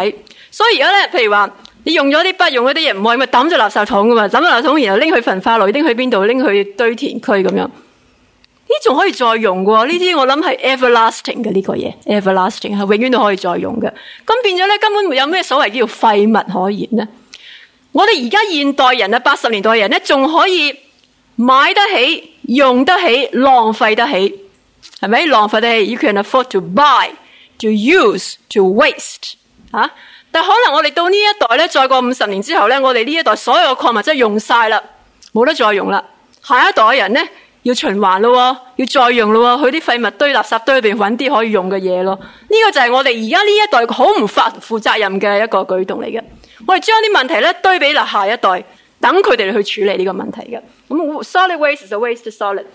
所以而家咧，譬如話你用咗啲筆，用咗啲嘢唔愛，咪抌咗垃圾桶噶嘛？抌咗垃圾桶，然後拎去焚化爐，拎去邊度？拎去堆填區咁樣？呢仲可以再用嘅，呢啲我諗係 everlasting 嘅呢個嘢，everlasting 係永遠都可以再用嘅。咁變咗咧，根本冇咩所謂叫廢物可言咧。我哋而家現代人，八十年代人咧，仲可以買得起、用得起、浪費得起，係咪？浪費得起？You can afford to buy, to use, to waste，啊，但可能我哋到呢一代呢，再過五十年之後呢，我哋呢一代所有礦物係用晒啦，冇得再用啦，下一代人呢。要循環咯，要再用咯，去啲廢物堆、垃圾堆裏邊揾啲可以用嘅嘢咯。呢個就係我哋而家呢一代好唔負負責任嘅一個舉動嚟嘅。我哋將啲問題咧堆俾落下一代，等佢哋去處理呢個問題嘅。咁、嗯、solid waste is a waste to solid、嗯。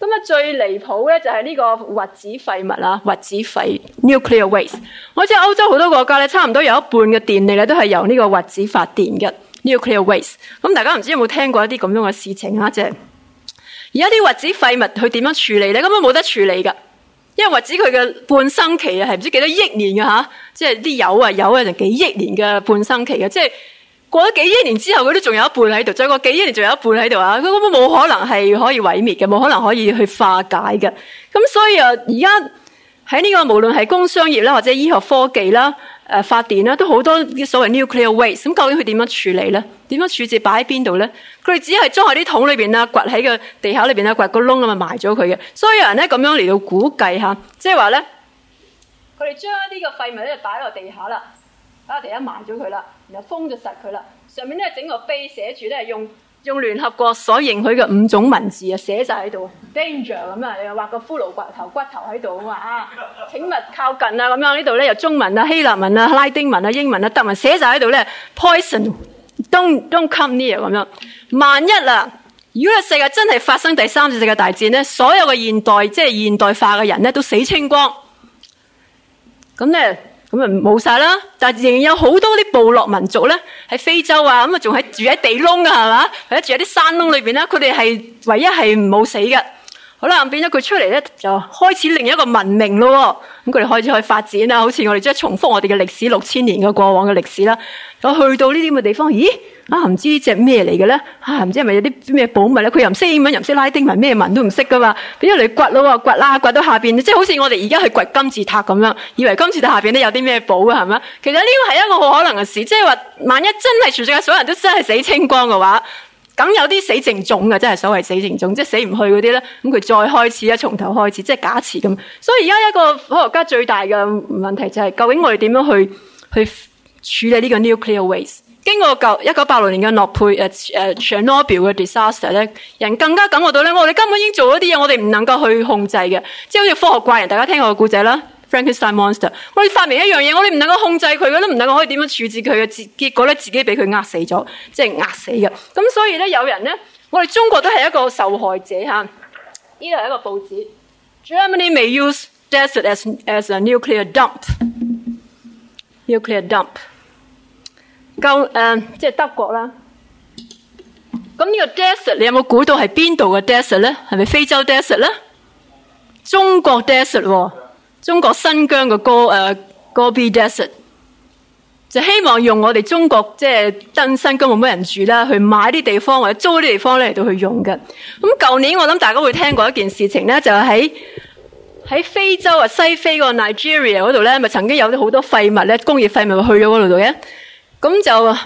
咁啊最離譜咧就係呢個核子廢物啦，核子廢 nuclear waste。我知歐洲好多國家咧，差唔多有一半嘅電力咧都係由呢個核子發電嘅 nuclear waste。咁、嗯、大家唔知有冇聽過一啲咁樣嘅事情啊？即係。而家啲核子廢物佢點樣處理咧？根本冇得處理噶，因為核子佢嘅半生期係唔知幾多億年㗎吓，即係啲鈾啊鈾啊，就幾億年嘅半生期即係、就是、過咗幾億年之後，佢都仲有一半喺度，再過幾億年仲有一半喺度啊！佢根本冇可能係可以毀滅嘅，冇可能可以去化解嘅。咁所以啊，而家喺呢個無論係工商業啦，或者醫學科技啦。誒發電咧都好多啲所謂 nuclear waste，咁究竟佢點樣處理咧？點樣處置擺喺邊度咧？佢哋只係裝喺啲桶裏邊啦，掘喺個地下裏邊啦，掘個窿咁啊埋咗佢嘅。所以有人咧咁樣嚟到估計吓，即係話咧，佢哋將一啲嘅廢物咧擺落地下啦，擺落地下埋咗佢啦，然後封咗實佢啦，上面咧整個碑寫住咧用。用聯合國所認可嘅五種文字寫晒喺度 danger 咁你又畫個骷髏骨頭骨頭喺度嘛請勿靠近呀。咁樣呢度呢，有中文啊、希臘文啊、拉丁文啊、英文啊、德文寫晒喺度呢。poison，don't don't come near 咁樣，萬一啦，如果個世界真係發生第三次世界大戰呢，所有嘅現代即係、就是、現代化嘅人呢，都死清光，咁呢。咁啊冇晒啦，但係仍然有好多啲部落民族呢，喺非洲啊，咁啊仲喺住喺地窿嘅係嘛，住喺啲山窿裏面啦。佢哋係唯一係冇死嘅。好啦，變咗佢出嚟呢，就開始另一個文明咯。咁佢哋開始去發展啦，好似我哋即係重複我哋嘅歷史六千年嘅過往嘅歷史啦。我去到呢啲嘅地方，咦？啊，唔知呢隻咩嚟嘅呢？啊，唔知係咪有啲咩寶物呢？佢又唔識英文，又唔識拉丁文，咩文都唔識㗎嘛？變咗嚟掘咯，掘啦，掘到下面，即係好似我哋而家去掘金字塔咁樣，以為金字塔下面都有啲咩寶啊，係咪？其實呢個係一個好可能嘅事，即係話萬一真係全世界所有人都真係死清光嘅話，咁有啲死剩種嘅，即係所謂死剩種，即係死唔去嗰啲呢。咁佢再開始咧，從頭開始，即係假設咁。所以而家一個科學家最大嘅問題就係，究竟我哋點樣去，去處理呢個 nuclear waste？經過舊一九八六年嘅諾佩誒誒 Chernobyl 嘅 disaster 咧，uh, dis aster, 人更加感覺到咧，我哋根本已經做咗啲嘢，我哋唔能夠去控制嘅。即係好似科學怪人，大家聽過個故仔啦，Frankenstein Monster。我哋發明一樣嘢，我哋唔能夠控制佢，我都唔能夠可以點樣處置佢嘅。結結果咧，自己俾佢壓死咗，即係壓死嘅。咁所以咧，有人咧，我哋中國都係一個受害者吓。呢度係一個報紙 Germany may use desert as as a nuclear dump. Nuclear dump. 誒、嗯，即係德國啦。咁呢個 desert，你有冇估到係邊度嘅 desert 咧？係咪非洲 desert 咧？中國 desert，中國新疆嘅戈誒戈壁 desert，就希望用我哋中國即係登新疆冇乜人住啦，去買啲地方或者租啲地方咧嚟到去用嘅。咁舊年我諗大家會聽過一件事情咧，就喺、係、喺非洲啊西非個 Nigeria 嗰度咧，咪曾經有啲好多廢物咧，工業廢物去咗嗰度度嘅。咁就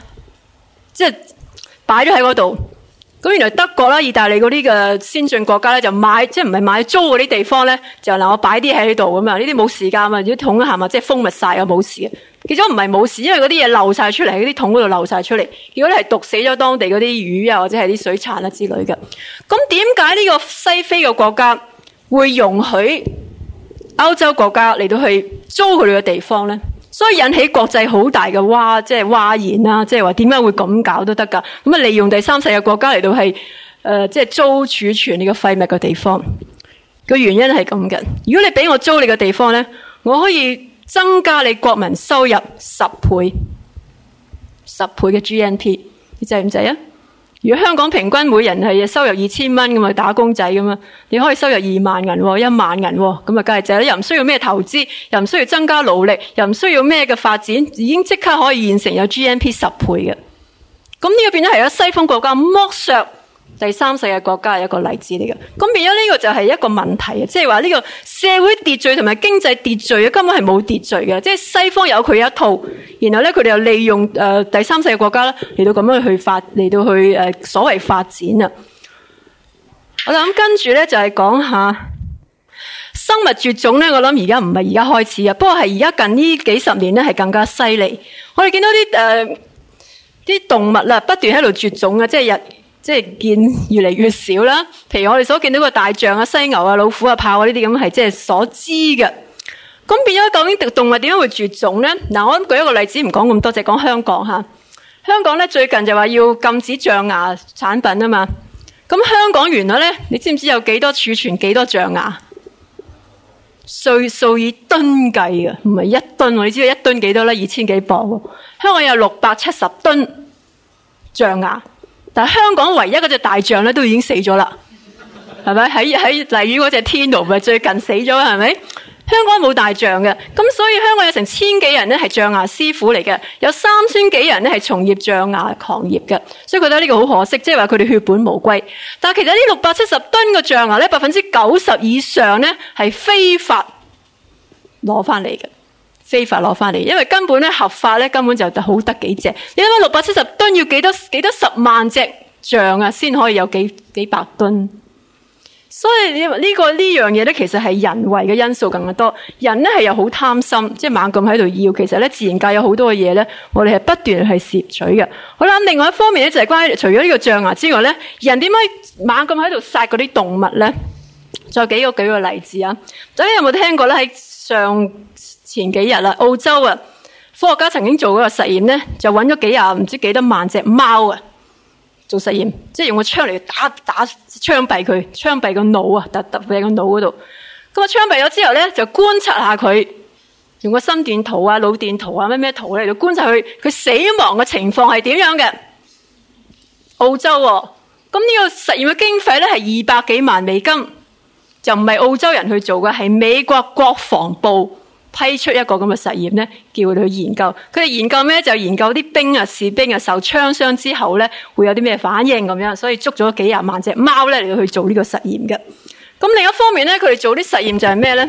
即係擺咗喺嗰度。咁、就是、原來德國啦、意大利嗰啲嘅先進國家咧，就買即係唔係買租嗰啲地方咧，就嗱我擺啲喺度咁啊。呢啲冇時間啊，如啲桶係咪？即係封密晒啊，冇事。其實唔係冇事，因為嗰啲嘢漏晒出嚟，喺啲桶嗰度漏晒出嚟。如果你係毒死咗當地嗰啲魚啊，或者係啲水產啊之類嘅，咁點解呢個西非嘅國家會容許歐洲國家嚟到去租佢哋嘅地方咧？所以引起國際好大嘅嘩，即係嘩然啦、啊，即係話點解會咁搞都得㗎。咁啊，利用第三世界國家嚟到係誒，即係租儲存呢個廢物嘅地方。個原因係咁嘅，如果你俾我租你嘅地方呢，我可以增加你國民收入十倍，十倍嘅 GNP，你制唔制啊？如果香港平均每人是收入二千蚊打工仔，你可以收入二萬銀、一萬銀，咁又唔需要咩投資，又唔需要增加勞力，又唔需要咩嘅發展，已經即刻可以現成有 GNP 十倍嘅。咁呢一邊咧係西方國家剝削。第三世界國家係一個例子嚟嘅，咁變咗呢個就係一個問題啊！即係話呢個社會秩序同埋經濟秩序啊，根本係冇秩序嘅。即係西方有佢一套，然後咧佢哋又利用誒、呃、第三世界國家咧嚟到咁樣去發嚟到去誒、呃、所謂發展啊！我諗跟住咧就係、是、講下生物絕種咧，我諗而家唔係而家開始啊，不過係而家近呢幾十年咧係更加犀利。我哋見到啲誒啲動物啦，不斷喺度絕種啊！即係日。即係見越嚟越少啦，譬如我哋所見到個大象啊、犀牛啊、老虎啊、豹啊呢啲咁，係即係所知嘅。咁變咗究竟動物點樣會絕種呢？嗱，我舉一個例子，唔講咁多，就講香港吓。香港咧最近就話要禁止象牙產品啊嘛。咁香港原來咧，你知唔知有幾多儲存幾多象牙？歲數以噸計嘅，唔係一噸，你知道一噸幾多咧？二千幾磅。香港有六百七十噸象牙。但香港唯一嗰隻大象呢，都已經死咗啦，係咪？喺例如嗰隻天奴咪最近死咗，係咪？香港冇大象嘅，咁所以香港有成千幾人呢係象牙師傅嚟嘅，有三千幾人呢係從業象牙行業嘅，所以覺得呢個好可惜，即係話佢哋血本無歸。但其實呢六百七十噸嘅象牙呢，百分之九十以上呢係非法攞返嚟嘅。非法攞翻嚟，因為根本咧合法咧根本就好得幾隻。你諗下六百七十噸要幾多幾多十萬隻象啊，先可以有幾幾百噸。所以呢個呢樣嘢咧，其實係人為嘅因素更加多。人咧係又好貪心，即係猛咁喺度要。其實咧，自然界有好多嘅嘢咧，我哋係不斷係攝取嘅。好啦，另外一方面咧就係關於除咗呢個象牙之外咧，人點解猛咁喺度殺嗰啲動物咧？再幾個舉個例子啊，大家有冇聽過咧？上前幾日啦，澳洲啊，科學家曾經做嗰個實驗咧，就揾咗幾廿唔知幾多萬隻貓啊做實驗，即係用個槍嚟，打打槍斃佢，槍斃個腦啊，特特別喺個腦嗰度。咁啊，槍斃咗之後咧，就觀察下佢，用個心電圖啊、腦電圖啊、咩咩圖咧，就觀察佢佢死亡嘅情況係點樣嘅。澳洲咁呢個實驗嘅經費咧係二百幾萬美金，就唔係澳洲人去做嘅，係美國國防部。批出一個咁嘅實驗咧，叫佢哋去研究。佢哋研究咩？就研究啲兵啊、士兵啊受槍傷之後咧，會有啲咩反應咁樣。所以捉咗幾廿萬隻貓咧嚟去做呢個實驗嘅。咁另一方面咧，佢哋做啲實驗就係咩咧？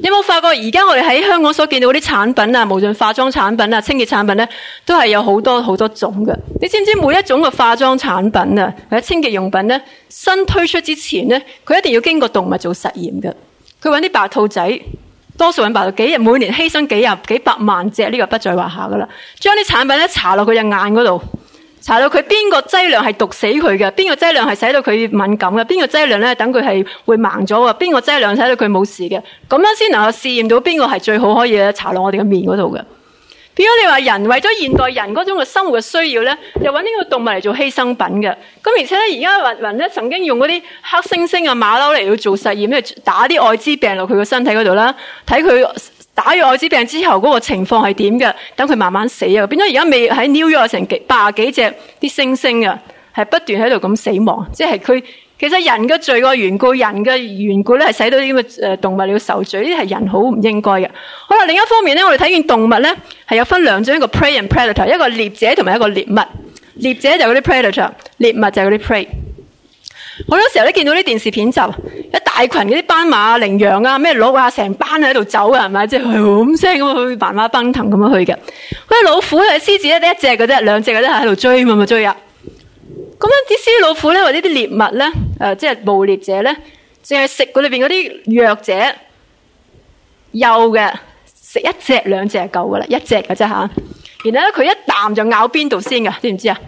你有冇發覺而家我哋喺香港所見到啲產品啊，無論化妝產品啊、清潔產品咧、啊，都係有好多好多種嘅。你知唔知每一種嘅化妝產品啊或者清潔用品咧，新推出之前咧，佢一定要經過動物做實驗嘅。佢搵啲白兔仔。多數人白就幾日，每年犧牲幾十幾百萬隻，呢個不在話下噶啦。將啲產品咧搽落佢隻眼嗰度，搽到佢邊個劑量係毒死佢嘅，邊個劑量係使到佢敏感嘅，邊個劑量呢，等佢係會盲咗㗎，邊個劑量使到佢冇事嘅，咁樣先能夠試驗到邊個係最好可以搽落我哋嘅面嗰度嘅。點解你話人為咗現代人嗰種嘅生活嘅需要呢，又搵呢個動物嚟做犧牲品嘅？咁而且呢，而家人人曾經用嗰啲黑猩猩嘅馬騮嚟去做實驗，即係打啲艾滋病落佢個身體嗰度啦，睇佢打咗艾滋病之後嗰個情況係點嘅？等佢慢慢死啊！變咗而家未喺 New York 成百幾隻啲猩猩啊，係不斷喺度咁死亡？即係佢。其實人嘅罪個緣故，人嘅緣故咧，係使到呢個誒動物你要受罪，呢啲係人好唔應該嘅。好啦，另一方面咧，我哋睇見動物咧係有分兩種，一個 prey and predator，一個獵者同埋一個獵物。獵者就嗰啲 predator，獵物就嗰啲 prey。好多時候咧，見到啲電視片就一大群嗰啲斑馬、羚羊啊、咩鹿啊，成班喺度走啊，係咪？即係咁聲咁去的，萬馬奔騰咁樣去嘅。嗰啲老虎啊、獅子咧，得一隻嗰啲，兩隻嗰啲係喺度追嘛嘛追啊！咁樣啲獅老虎呢，或者啲獵物呢，誒，即係捕獵者呢，淨係食佢裏邊嗰啲弱者、幼嘅，食一隻兩隻夠㗎啦，一隻嘅啫吓。然後呢，佢一啖就咬邊度先㗎，知唔知呀？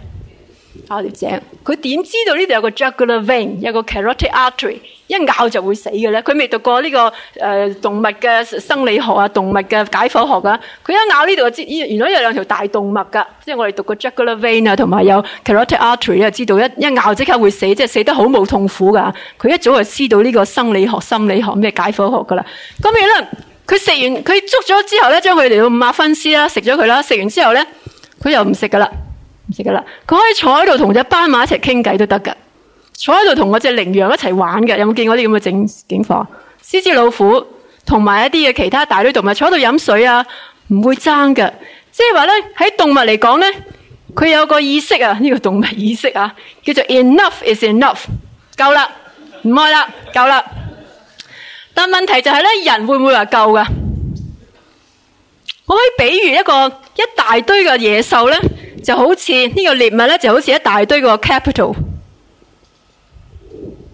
我佢點知道呢度有個 jugular vein，有個 carotid artery，一咬就會死嘅咧？佢未讀過呢、這個誒、呃、動物嘅生理學啊，動物嘅解剖學噶？佢一咬呢度就知，原來有兩條大動脈噶。即係我哋讀過 jugular vein 啊，同埋有 carotid artery 咧，知道一一咬即刻會死，即係死得好冇痛苦噶。佢一早就知道呢個生理學、心理學咩解剖學噶啦。咁樣咧，佢食完佢捉咗之後咧，將佢嚟到五馬分屍啦，食咗佢啦，食完之後咧，佢又唔食噶啦。唔食噶啦，佢可以坐喺度同隻斑馬一齊傾偈都得噶，坐喺度同嗰隻羚羊一齊玩嘅，有冇見過啲咁嘅景景況？獅子、老虎同埋一啲嘅其他大啲動物坐喺度飲水啊，唔會爭㗎。即係話咧，喺動物嚟講咧，佢有個意識啊，呢、這個動物意識啊，叫做 enough is enough，夠啦，唔愛啦，夠啦。但問題就係咧，人會唔會話夠噶？我可以比喻一個一大堆嘅野獸咧，就好似，這個，呢個獵物咧，就好似一大堆個 capital，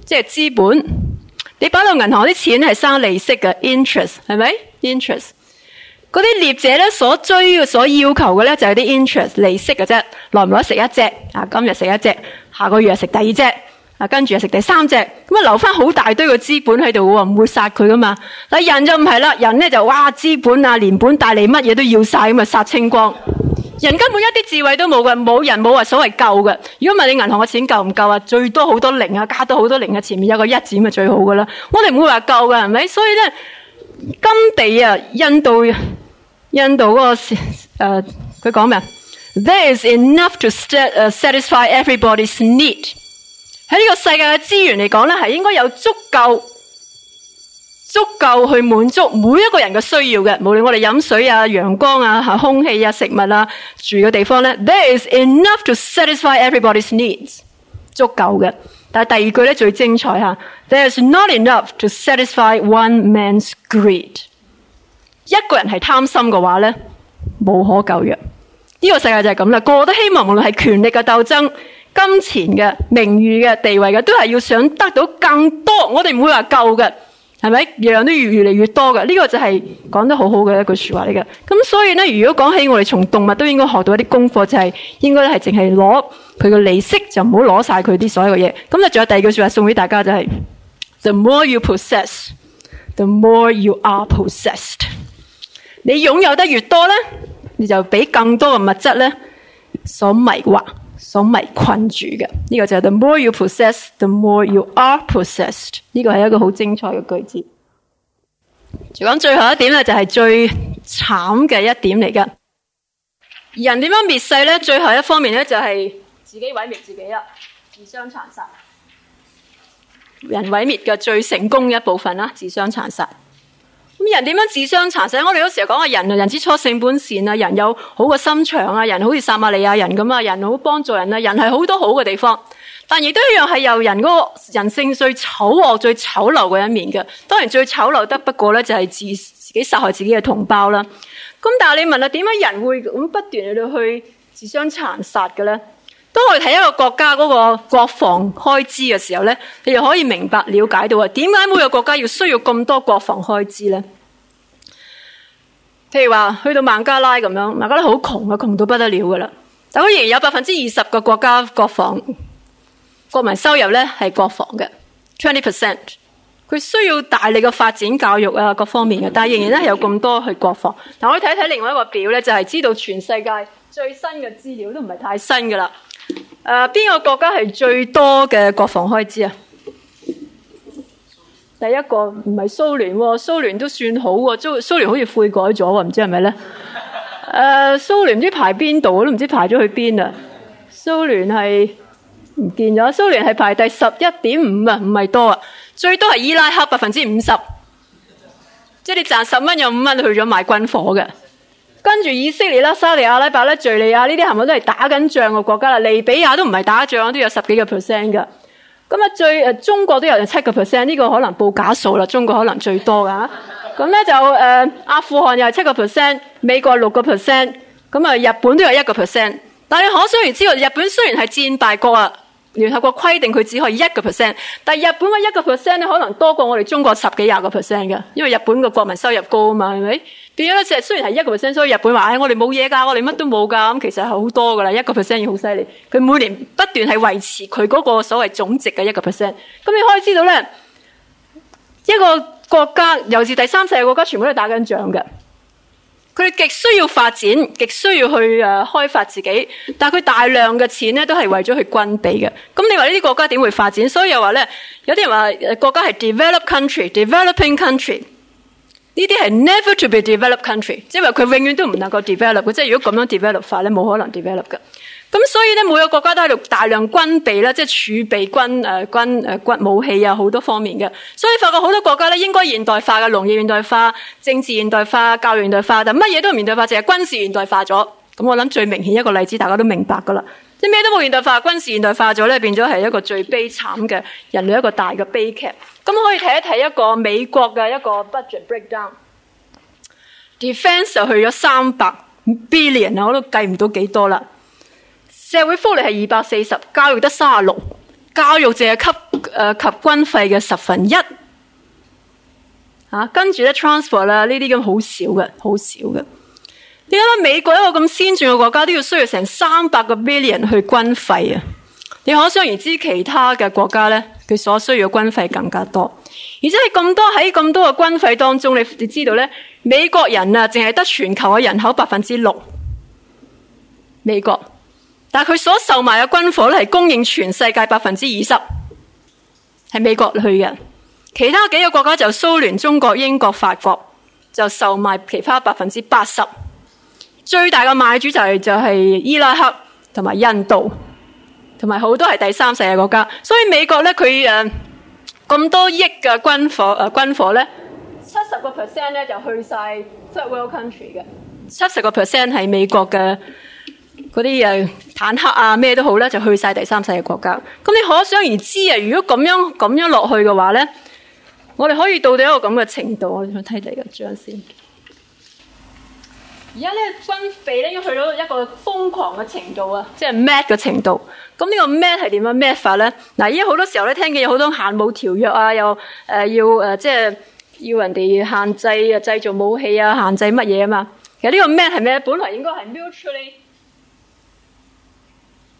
即係資本。你擺到銀行啲錢係生利息嘅 interest，係咪？interest，嗰啲獵者咧所追嘅、所要求嘅咧就係、是、啲 interest 利息嘅啫，耐唔耐食一隻啊？今日食一隻，下個月食第二隻。嗱，跟住啊食第三隻，咁啊留翻好大堆嘅資本喺度喎，唔會殺佢噶嘛。嗱，人就唔係啦，人咧就哇資本啊，連本帶利乜嘢都要晒，咁啊殺清光。人根本一啲智慧都冇嘅，冇人冇話所謂夠嘅。如果問你銀行嘅錢夠唔夠啊？最多好多零啊，加多好多零啊，前面有個一字咪最好噶啦。我哋唔會話夠嘅，係咪？所以咧，甘地啊，印度，印度嗰個誒，佢講咩？There is enough to satisfy everybody's need。喺呢個世界嘅資源嚟講咧，係應該有足夠、足夠去滿足每一個人嘅需要嘅。無論我哋飲水啊、陽光啊、吓空氣啊、食物啊、住嘅地方咧，There is enough to satisfy everybody's needs，足夠嘅。但係第二句咧最精彩吓，There is not enough to satisfy one man's greed。一個人係貪心嘅話咧，無可救藥。呢、這個世界就係咁啦，個個都希望，無論係權力嘅鬥爭。金錢嘅名譽嘅地位嘅，都係要想得到更多。我哋唔會話夠嘅，係咪樣樣都越嚟越，越多嘅？呢個就係講得好好嘅一句說話嚟嘅。咁所以呢，如果講起我哋從動物都應該學到一啲功課，就係應該係淨係攞佢嘅利息，就唔好攞晒佢啲所有嘅嘢。咁就仲有第二句說話送俾大家就係：The more you possess, the more you are possessed。你擁有得越多呢，你就俾更多嘅物質呢所迷惑。所迷困住嘅呢、這個就是 the more you possess, the more you are possessed。呢個是一個好精彩嘅句子。講最後一點呢，就是最慘嘅一點嚟嘅。人點樣滅世呢？最後一方面呢，就是自己毀滅自己啦，自相殘殺。人毀滅嘅最成功嘅一部分啦，自相殘殺。咁人點樣自相殘殺？我哋嗰時候講啊，人啊，人之初性本善啊，人有好嘅心腸啊，人好似撒瑪利亞人咁啊，人好幫助人啊，人係好多好嘅地方，但亦都一樣係由人嗰個人性最醜惡、最醜陋嘅一面嘅。當然最醜陋得不過呢，就係自自己殺害自己嘅同胞啦。咁但係你問啊，點解人會咁不斷去去自相殘殺嘅呢？當我哋睇一個國家嗰個國防開支嘅時候呢，你就可以明白了解到啊，點解每個國家要需要咁多國防開支呢？譬如話去到孟加拉咁樣，孟加拉好窮啊，窮到不得了噶啦。但係仍然有百分之二十個國家國防國民收入呢係國防嘅，twenty percent，佢需要大力嘅發展教育啊，各方面嘅，但係仍然咧有咁多去國防。嗱，我哋睇一睇另外一個表呢，就係知道全世界最新嘅資料都唔係太新噶啦。誒，邊個國家係最多嘅國防開支啊？第一個唔係蘇聯喎，蘇聯都算好喎，蘇蘇聯好似悔改咗啊，唔知係咪咧？誒、 呃，蘇聯唔知排邊度，我都唔知排咗去邊啊。蘇聯係唔見咗，蘇聯係排第十一點五啊，唔係多啊，最多係伊拉克百分之五十，即係你賺十蚊有五蚊去咗買軍火嘅。跟住以色列啦、沙利亞阿拉伯啦、敘利亞呢啲係咪都係打緊仗嘅國家啦？利比亞都唔係打仗，都有十幾個 percent 嘅。咁啊，最、呃、中國都有七個 percent，呢、這個可能報假數啦。中國可能最多噶。咁咧就、呃、阿富汗又係七個 percent，美國六個 percent，咁啊日本都有一個 percent。但你可想而知，日本雖然係戰敗國啊。聯合國規定佢只可以一個 percent，但日本嘅一個 percent 可能多過我哋中國的十幾廿個 percent 嘅，因為日本嘅國民收入高嘛，係咪？變咗咧、就是，雖然係一個 percent，所以日本話：「唉、哎，我哋冇嘢㗎，我哋乜都冇㗎。咁其實係好多㗎啦，一個 percent 已經好犀利。佢每年不斷係維持佢嗰個所謂總值嘅一個 percent。咁你可以知道呢，一個國家尤其是第三世界國家全，全部都係打緊仗嘅。佢哋極需要發展，極需要去誒、啊、開發自己，但佢大量嘅錢呢都係為咗去軍備嘅。咁你話呢啲國家點會發展？所以又話呢，有啲人話國家係 develop country，developing country 呢啲係 never to be develop country，即係話佢永遠都唔能夠 develop 即係如果咁樣 develop 法，咧，冇可能 develop 㗎。咁所以呢，每個國家都喺度大量軍備啦，即係儲備軍、呃、軍、呃、軍、軍武器啊，好多方面嘅。所以發覺好多國家咧，應該現代化嘅農業現代化、政治現代化、教育現代化，但乜嘢都唔現代化，淨係軍事現代化咗。咁我諗最明顯一個例子，大家都明白㗎啦，即咩都冇現代化，軍事現代化咗呢，變咗係一個最悲慘嘅人類一個大嘅悲劇。咁可以睇一睇一個美國嘅一個 budget breakdown，defense 去咗三百 billion 啊，我都計唔到幾多啦。社會福利係二百四十，教育得卅六，教育淨係給誒及軍費嘅十分一。吓，跟住咧 transfer 啦，呢啲咁好少嘅，好少嘅。你諗下美國一個咁先進嘅國家，都要需要成三百個 million 去軍費啊！你可想而知，其他嘅國家咧，佢所需要嘅軍費更加多。而且喺咁多喺咁多嘅軍費當中，你你知道咧，美國人啊，淨係得全球嘅人口百分之六，美國。但佢所售賣嘅軍火咧，係供應全世界百分之二十，係美國去嘅。其他幾個國家就蘇聯、中國、英國、法國就售賣其他百分之八十。最大嘅買主就係、是、就係、是、伊拉克同埋印度，同埋好多係第三世界國家。所以美國咧，佢誒咁多億嘅軍火誒、呃、軍火咧，七十個 percent 咧就去晒 Third World country 嘅，七十個 percent 係美國嘅。嗰啲誒坦克啊咩都好咧，就去晒第三世嘅國家。咁你可想而知啊！如果咁樣咁樣落去嘅話咧，我哋可以到到一個咁嘅程度。我想睇你嘅張先。而家咧，軍備咧已經去到了一個瘋狂嘅程度啊，即係 mad 嘅程度。咁呢個 mad 係點啊？咩法咧？嗱，而家好多時候咧，聽見有好多限武條約啊，又誒要誒、呃呃、即係要人哋限制啊製造武器啊，限制乜嘢啊嘛。其實呢個 mad 係咩？本來應該係 mutually。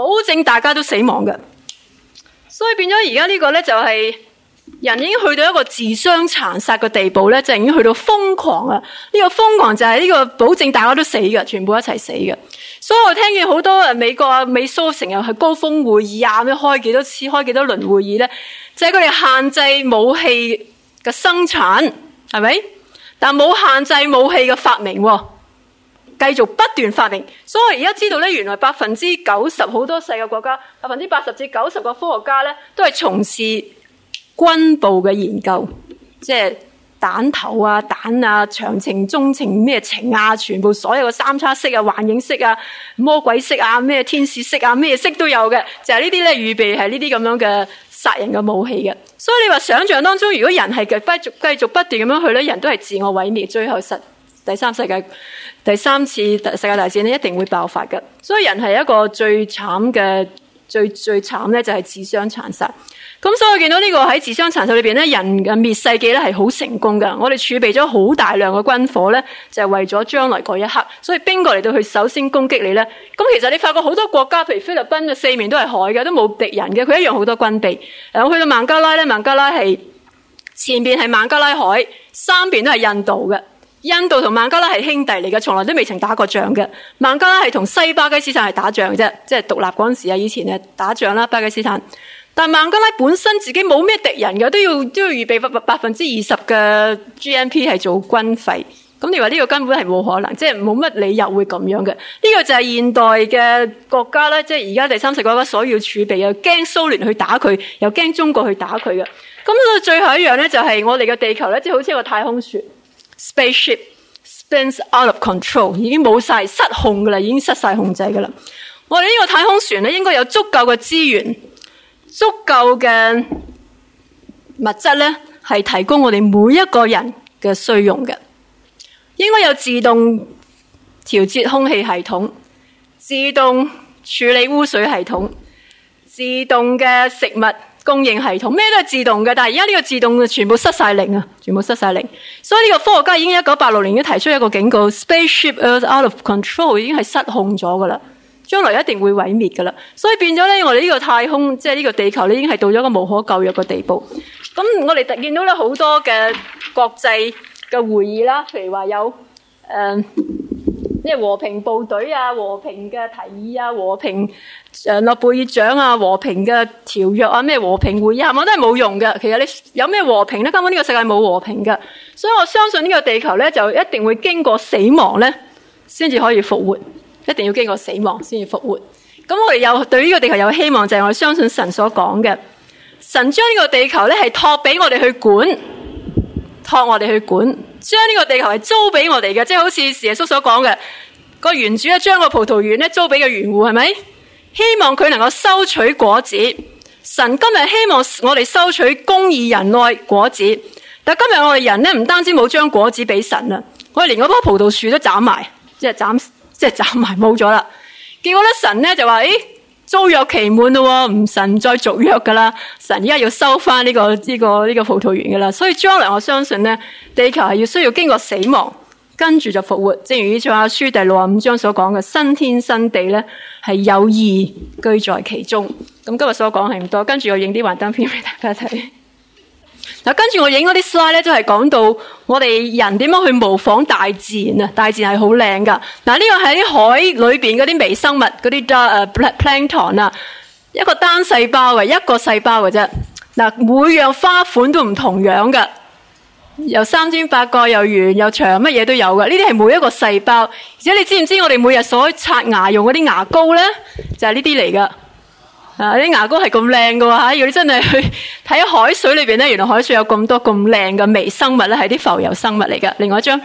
保證大家都死亡嘅，所以變咗而家呢個呢，就係人已經去到一個自相殘殺嘅地步呢，就已經去到瘋狂啊！呢個瘋狂就係呢個保證大家都死嘅，全部一齊死嘅。所以我聽見好多誒美國美蘇成日去高峰會議啊，咩開幾多次、開幾多輪會議呢，就係佢哋限制武器嘅生產，係咪？但冇限制武器嘅發明。繼續不斷發明，所以我而家知道咧，原來百分之九十好多細嘅國家，百分之八十至九十個科學家咧，都係從事軍部嘅研究，即係彈頭啊、彈啊、長程、中程咩程啊，全部所有嘅三叉式啊、幻影式啊、魔鬼式啊、咩天使式啊、咩式都有嘅，就係、是、呢啲咧預備係呢啲咁樣嘅殺人嘅武器嘅。所以你話想象當中，如果人係繼續繼續不斷咁樣去咧，人都係自我毀滅，最後實。第三世界第三次世界大戰咧，一定會爆發嘅。所以人係一個最慘嘅，最最慘咧就係自相殘殺。咁所以我見到呢個喺自相殘殺裏邊咧，人嘅滅世紀咧係好成功嘅。我哋儲備咗好大量嘅軍火咧，就係為咗將來嗰一刻。所以邊個嚟到去首先攻擊你咧？咁其實你發覺好多國家，譬如菲律賓嘅四面都係海嘅，都冇敵人嘅，佢一樣好多軍備。我去到孟加拉咧，孟加拉係前邊係孟加拉海，三邊都係印度嘅。印度同孟加拉係兄弟嚟嘅，從來都未曾打過仗嘅。孟加拉係同西巴基斯坦係打仗嘅啫，即係獨立嗰陣時啊，以前啊打仗啦，巴基斯坦。但孟加拉本身自己冇咩敵人嘅，都要都要預備百分之二十嘅 G N P 係做軍費。咁你話呢個根本係冇可能，即係冇乜理由會咁樣嘅。呢個就係現代嘅國家呢，即係而家第三世界國家所要儲備，又驚蘇聯去打佢，又驚中國去打佢嘅。咁到最後一樣呢，就係我哋嘅地球呢，即係好似一個太空船。spaceship spins out of control，已經冇晒失控喇，已經失晒控制喇。我哋呢個太空船咧，應該有足夠嘅資源、足夠嘅物質咧，係提供我哋每一個人嘅需用嘅。應該有自動調節空氣系統、自動處理污水系統、自動嘅食物。供應系統咩都係自動嘅，但係而家呢個自動全部失晒靈啊，全部失晒靈。所以呢個科學家已經一九八六年已經提出一個警告，spaceship Earth out of control 已經係失控咗噶啦，將來一定會毀滅噶啦。所以變咗呢，我哋呢個太空即係呢個地球已經係到咗一個無可救藥嘅地步。咁我哋特見到呢好多嘅國際嘅會議啦，譬如話有誒。Um, 咩和平部隊啊，和平嘅提議啊，和平嘅諾貝爾獎啊，和平嘅條約啊，咩和平會議係、啊、咪都係冇用嘅？其實你有咩和平咧？根本呢個世界冇和平嘅，所以我相信呢個地球咧就一定會經過死亡咧，先至可以復活。一定要經過死亡先至復活。咁我哋又對於呢個地球有希望，就係、是、我哋相信神所講嘅，神將呢個地球咧係託俾我哋去管。託我哋去管，將呢個地球係租俾我哋嘅，即係好似耶穌所講嘅，個園主咧將個葡萄園咧租俾個園戶，係咪？希望佢能夠收取果子。神今日希望我哋收取公義仁愛果子，但今日我哋人咧唔單止冇將果子俾神啦，我哋連嗰棵葡萄樹都斬埋，即係斬即係斬埋冇咗啦。結果咧神咧就話，誒、哎。租約期滿喎，唔，神不再續約㗎啦，神而家要收返呢、這個呢、這個呢、這個葡萄園噶啦，所以將來我相信呢地球係要需要經過死亡，跟住就復活，正如《約翰書》第六十五章所講嘅新天新地呢係有義，居在其中。咁今日所講係唔多，跟住我影啲幻燈片俾大家睇。跟住我影嗰啲 slide 咧，就係講到我哋人點樣去模仿大自然啊！大自然係好靚噶。嗱，呢個係啲海裏邊嗰啲微生物嗰啲誒 plankton 啊，一個單細胞嘅，一個細胞嘅啫。嗱，每樣花款都唔同樣噶，又三尖八角，又圓又長，乜嘢都有噶。呢啲係每一個細胞。而且你知唔知我哋每日所刷牙用嗰啲牙膏咧，就係呢啲嚟噶。啊！啲牙膏係咁靚噶吓，如果你真係去睇海水裏邊咧，原來海水有咁多咁靚嘅微生物咧，係啲浮游生物嚟噶。另外一張，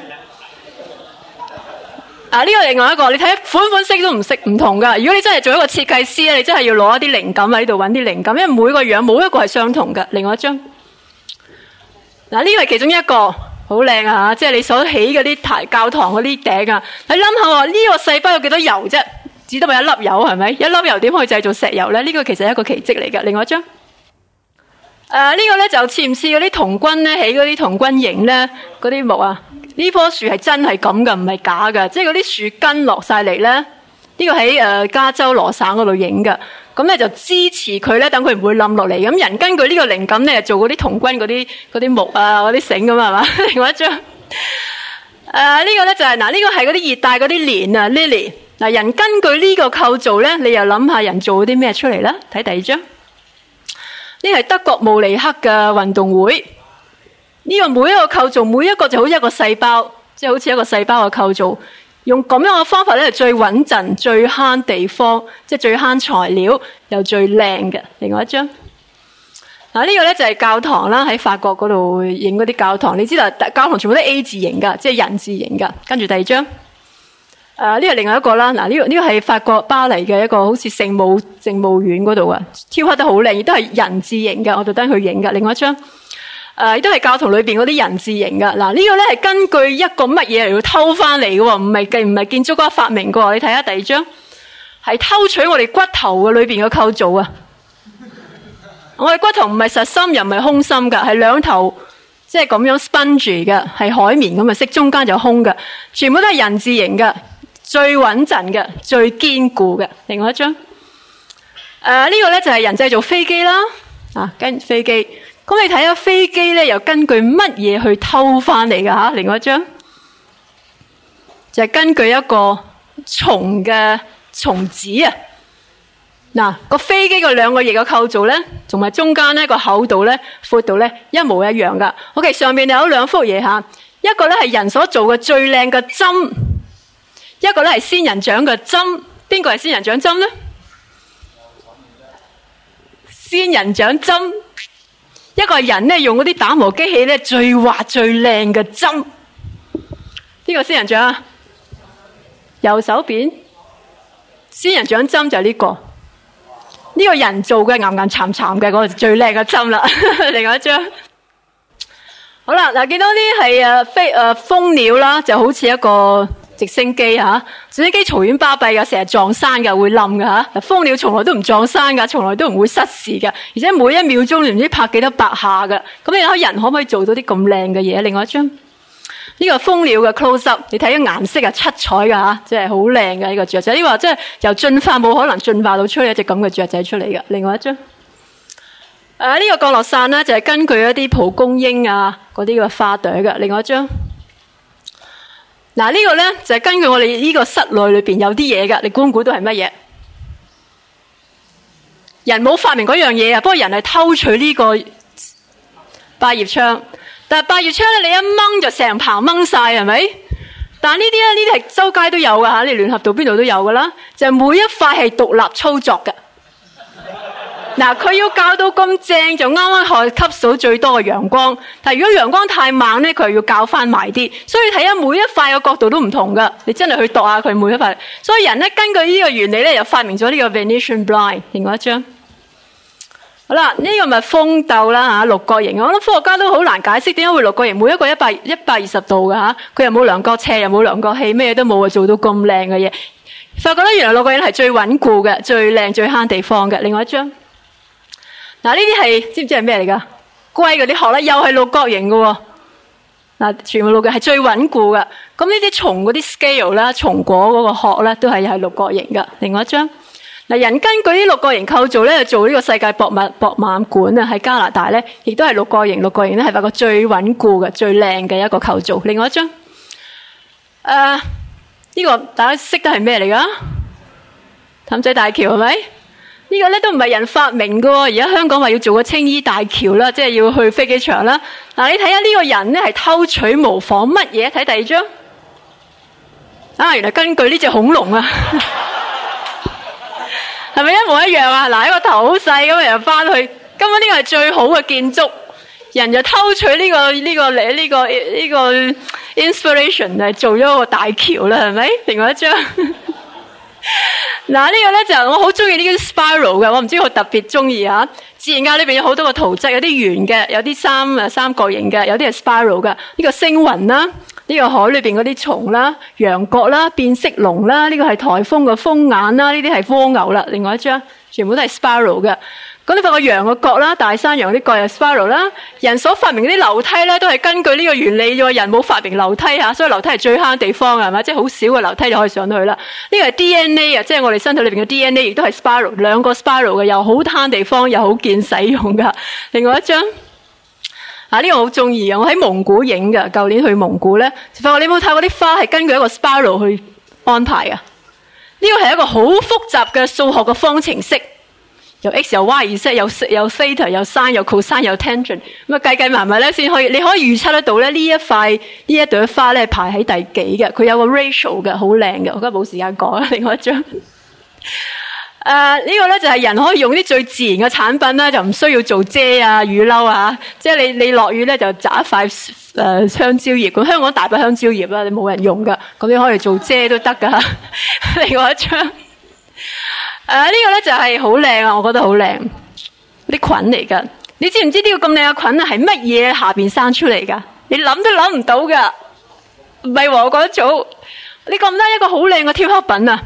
啊呢、這個另外一個，你睇款款式都唔識唔同噶。如果你真係做一個設計師咧，你真係要攞一啲靈感喺度，搵啲靈感，因為每個樣冇一個係相同噶。另外一張，嗱、啊、呢、這個係其中一個好靚啊吓，即係你所起嗰啲大教堂嗰啲頂啊。你諗下，呢、這個細胞有幾多油啫？只得咪一粒油係咪？一粒油點可以製造石油咧？呢、呢個其實係一個奇蹟嚟噶。另外一張，誒、呃呢個、呢個咧就似唔似嗰啲童軍咧？起嗰啲童軍營咧，嗰啲木啊？呢棵樹係真係咁噶，唔係假噶。即係嗰啲樹根落晒嚟咧。呢、呢個喺誒、呃、加州羅省嗰度影噶。咁咧就支持佢咧，等佢唔會冧落嚟。咁人根據呢個靈感咧，做嗰啲童軍嗰啲啲木啊，嗰啲繩咁啊嘛。另外一張，誒、呃呢個、呢、就係呃呢個咧就係嗱呢個係嗰啲熱帶嗰啲蓮啊，Lily。嗱，人根據呢個構造咧，你又諗下人做啲咩出嚟啦？睇第二張，呢係德國慕尼克嘅運動會，呢個每一個構造，每一個就好一個細胞，即係好似一個細胞嘅構造，用咁樣嘅方法咧，係最穩陣、最慳地方，即係最慳材料又最靚嘅。另外一張，嗱呢個咧就係教堂啦，喺法國嗰度影嗰啲教堂，你知道教堂全部都係 A 字型噶，即係人字型噶。跟住第二張。誒，呢個、啊、另外一個啦，嗱、啊，呢、這個呢、這個係法國巴黎嘅一個好似聖母聖母院嗰度啊，雕刻得好靚，亦都係人字形嘅，我特登去影噶。另外一張，誒、啊，都係教堂裏邊嗰啲人字形嘅嗱，啊這個、呢個咧係根據一個乜嘢嚟到偷翻嚟嘅，唔係唔係建築家發明噶。你睇下第二張，係偷取我哋骨頭嘅裏邊嘅構造啊。我哋骨頭唔係實心又唔係空心噶，係兩頭即係咁樣 sponge 嘅，係海綿咁嘅色，中間就空嘅，全部都係人字形嘅。最穩陣嘅、最堅固嘅，另外一張。誒、呃，呢、這個咧就係人製造飛機啦。啊，跟飛機，咁你睇下飛機咧，又根據乜嘢去偷翻嚟噶吓？另外一張，就係、是、根據一個蟲嘅蟲子啊。嗱，個飛機個兩個翼嘅構造咧，同埋中間呢個厚度咧、闊度咧一模一樣噶。OK，上面有兩幅嘢吓，一個咧係人所做嘅最靚嘅針。一個咧係仙人掌嘅針，邊個係仙人掌針呢？仙人掌針，一個人咧用嗰啲打磨機器咧最滑最靚嘅針。呢個仙人掌，啊？右手邊仙人掌針就係呢、呢個呢、呢個人做嘅岩岩沉沉嘅嗰個最靚嘅針啦。另外一張好啦，嗱見到啲係誒飛誒、啊、蜂鳥啦，就好似一個。直升機吓、啊，直升機嘈喧巴閉噶，成日撞山噶，會冧噶吓。蜂鳥從來都唔撞山噶，從來都唔會失事噶，而且每一秒鐘你唔知拍幾多百下噶。咁你睇人可唔可以做到啲咁靚嘅嘢？另外一張，呢、這個蜂鳥嘅 close up，你睇啲顏色啊，七彩噶吓,真係好靚嘅呢個雀仔。呢話真係由進化冇可能進化到出嚟一隻咁嘅雀仔出嚟噶。另外一張，誒、啊這個、呢個降落傘咧就係、是、根據一啲蒲公英啊嗰啲嘅花朵噶。另外一張。嗱，呢個呢，就係、是、根據我哋呢個室內裏面有啲嘢㗎。你估唔估到係乜嘢？人冇發明嗰樣嘢啊，不過人係偷取呢個百葉窗，但係百葉窗呢，你一掹就成棚掹晒係咪？但這些呢啲咧呢啲係周街都有㗎。你聯合到邊度都有㗎啦，就是、每一塊係獨立操作㗎。嗱，佢要校到咁正就啱啱可以吸收最多嘅陽光，但係如果陽光太猛咧，佢又要校翻埋啲，所以睇下每一塊嘅角度都唔同噶。你真係去度下佢每一塊。所以人咧根據呢個原理咧，又發明咗呢個 Venetian Blind。另外一張，好啦，呢個咪蜂竇啦吓，六角形。我諗科學家都好難解釋點解會六角形，每一個一百一百二十度㗎。吓，佢又冇量角尺，又冇量角器，咩都冇啊，做到咁靚嘅嘢。發覺咧，原來六角形係最穩固嘅、最靚、最慳地方嘅。另外一張。嗱，呢啲係知唔知係咩嚟噶？龜嗰啲殼咧，又係六角形嘅。嗱、啊，全部六角係最穩固㗎。咁呢啲松嗰啲 scale 啦，松果嗰個殼咧，都係又係六角形㗎。另外一張，嗱、啊，人根據啲六角形構造咧，做呢個世界博覽博覽館啊，喺加拿大咧，亦都係六角形。六角形咧係發覺，最穩固嘅、最靚嘅一個構造。另外一張，誒、啊，呢、這個大家識得係咩嚟噶？氹仔大橋係咪？是這個呢個咧都唔係人發明噶而家香港話要做個青衣大橋啦，即係要去飛機場啦。嗱、啊，你睇下呢個人咧係偷取模仿乜嘢？睇第二張啊，原來根據呢隻恐龍啊，係咪 一模一樣啊？嗱、啊，一個頭好細，咁又翻去。根本呢個係最好嘅建築，人就偷取呢、這個呢、這個呢、這個呢、這個、這個這個、inspiration 嚟，做咗個大橋啦，係咪？另外一張。 嗱，呢個咧就係我好中意呢啲 spiral 嘅，我唔知我特別中意啊。自然界裏邊有好多個圖質，有啲圓嘅，有啲三啊三角形嘅，有啲係 spiral 嘅。呢個星雲啦，呢個海裏邊嗰啲蟲啦，羊角啦，變色龍啦，呢個係颱風嘅風眼啦，呢啲係蝸牛啦。另外一張全部都係 spiral 嘅。嗰啲發覺羊嘅角啦，大山羊啲角係 spiral 啦。人所發明嗰啲樓梯呢，都係根據呢個原理。哇！人冇發明樓梯吓，所以樓梯係最慳地方嘅，係嘛？即係好少嘅樓梯就可以上去啦。呢個係 DNA 啊，即係我哋身體裏面嘅 DNA，亦都係 spiral，兩個 spiral 嘅，又好慳地方，又好見使用噶。另外一張啊，呢個好中意啊，我喺蒙古影㗎，舊年去蒙古咧，發覺你有冇睇嗰啲花係根據一個 spiral 去安排啊？呢個係一個好複雜嘅數學嘅方程式。有 x 有 y，而且有有 sine 有 cos 有，有 tangent，咁啊計計埋埋咧先可以，你可以預測得到咧呢一塊呢一朵花呢，排喺第幾嘅？佢有個 ratio 嘅，好靚嘅。我而家冇時間講另外一張。誒、啊，呢、這個呢，就係、是、人可以用啲最自然嘅產品呢，就唔需要做遮呀、啊、雨褸呀、啊。即係你落雨呢，就摘一塊、呃、香蕉葉。咁香港大把香蕉葉啦，你冇人用噶，咁樣可以做遮都得噶。另外一張。誒，呢、啊，這個咧就係好靚啊！我覺得好靚，啲菌嚟噶。你知唔知呢個咁靚嘅菌係乜嘢下邊生出嚟噶？你諗都諗唔到噶，唔係和我一早。你咁多一個好靚嘅雕刻品啊，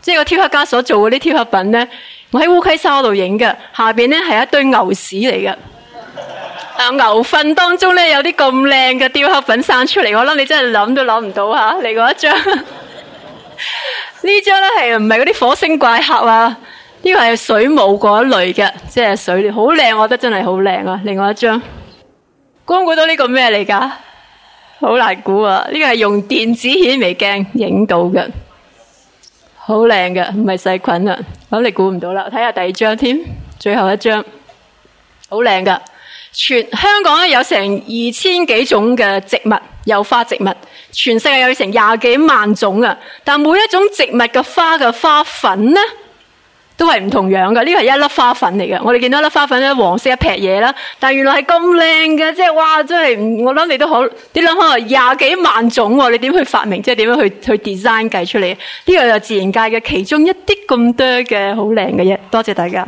即係個雕刻家所做嗰啲雕刻品咧，我喺烏溪沙度影嘅，下邊咧係一堆牛屎嚟嘅、啊。牛糞當中咧有啲咁靚嘅雕刻品生出嚟，我諗你真係諗都諗唔到吓，嚟、啊、過一張。 呢張呢，係唔係嗰啲火星怪客啊？呢、這個係水母嗰一類嘅，即係水好靚，我覺得真係好靚啊！另外一張，估唔到呢個咩嚟噶？好難估啊！呢、這個係用電子顯微鏡影到嘅，好靚噶，唔係細菌啊。好，你估唔到啦，睇下第二張添，最後一張，好靚噶！全香港有成二千幾種嘅植物。有花植物，全世界有成廿幾萬種啊！但每一種植物嘅花嘅花粉呢，都係唔同樣嘅。呢個係一粒花粉嚟嘅，我哋見到一粒花粉咧，黃色一撇嘢啦。但原來係咁靚嘅，即係哇！真係，我諗你都好，你諗可能廿幾萬種，你點去發明，即係點樣去去 design 計出嚟？呢個就自然界嘅其中一啲咁多嘅好靚嘅嘢。多謝大家。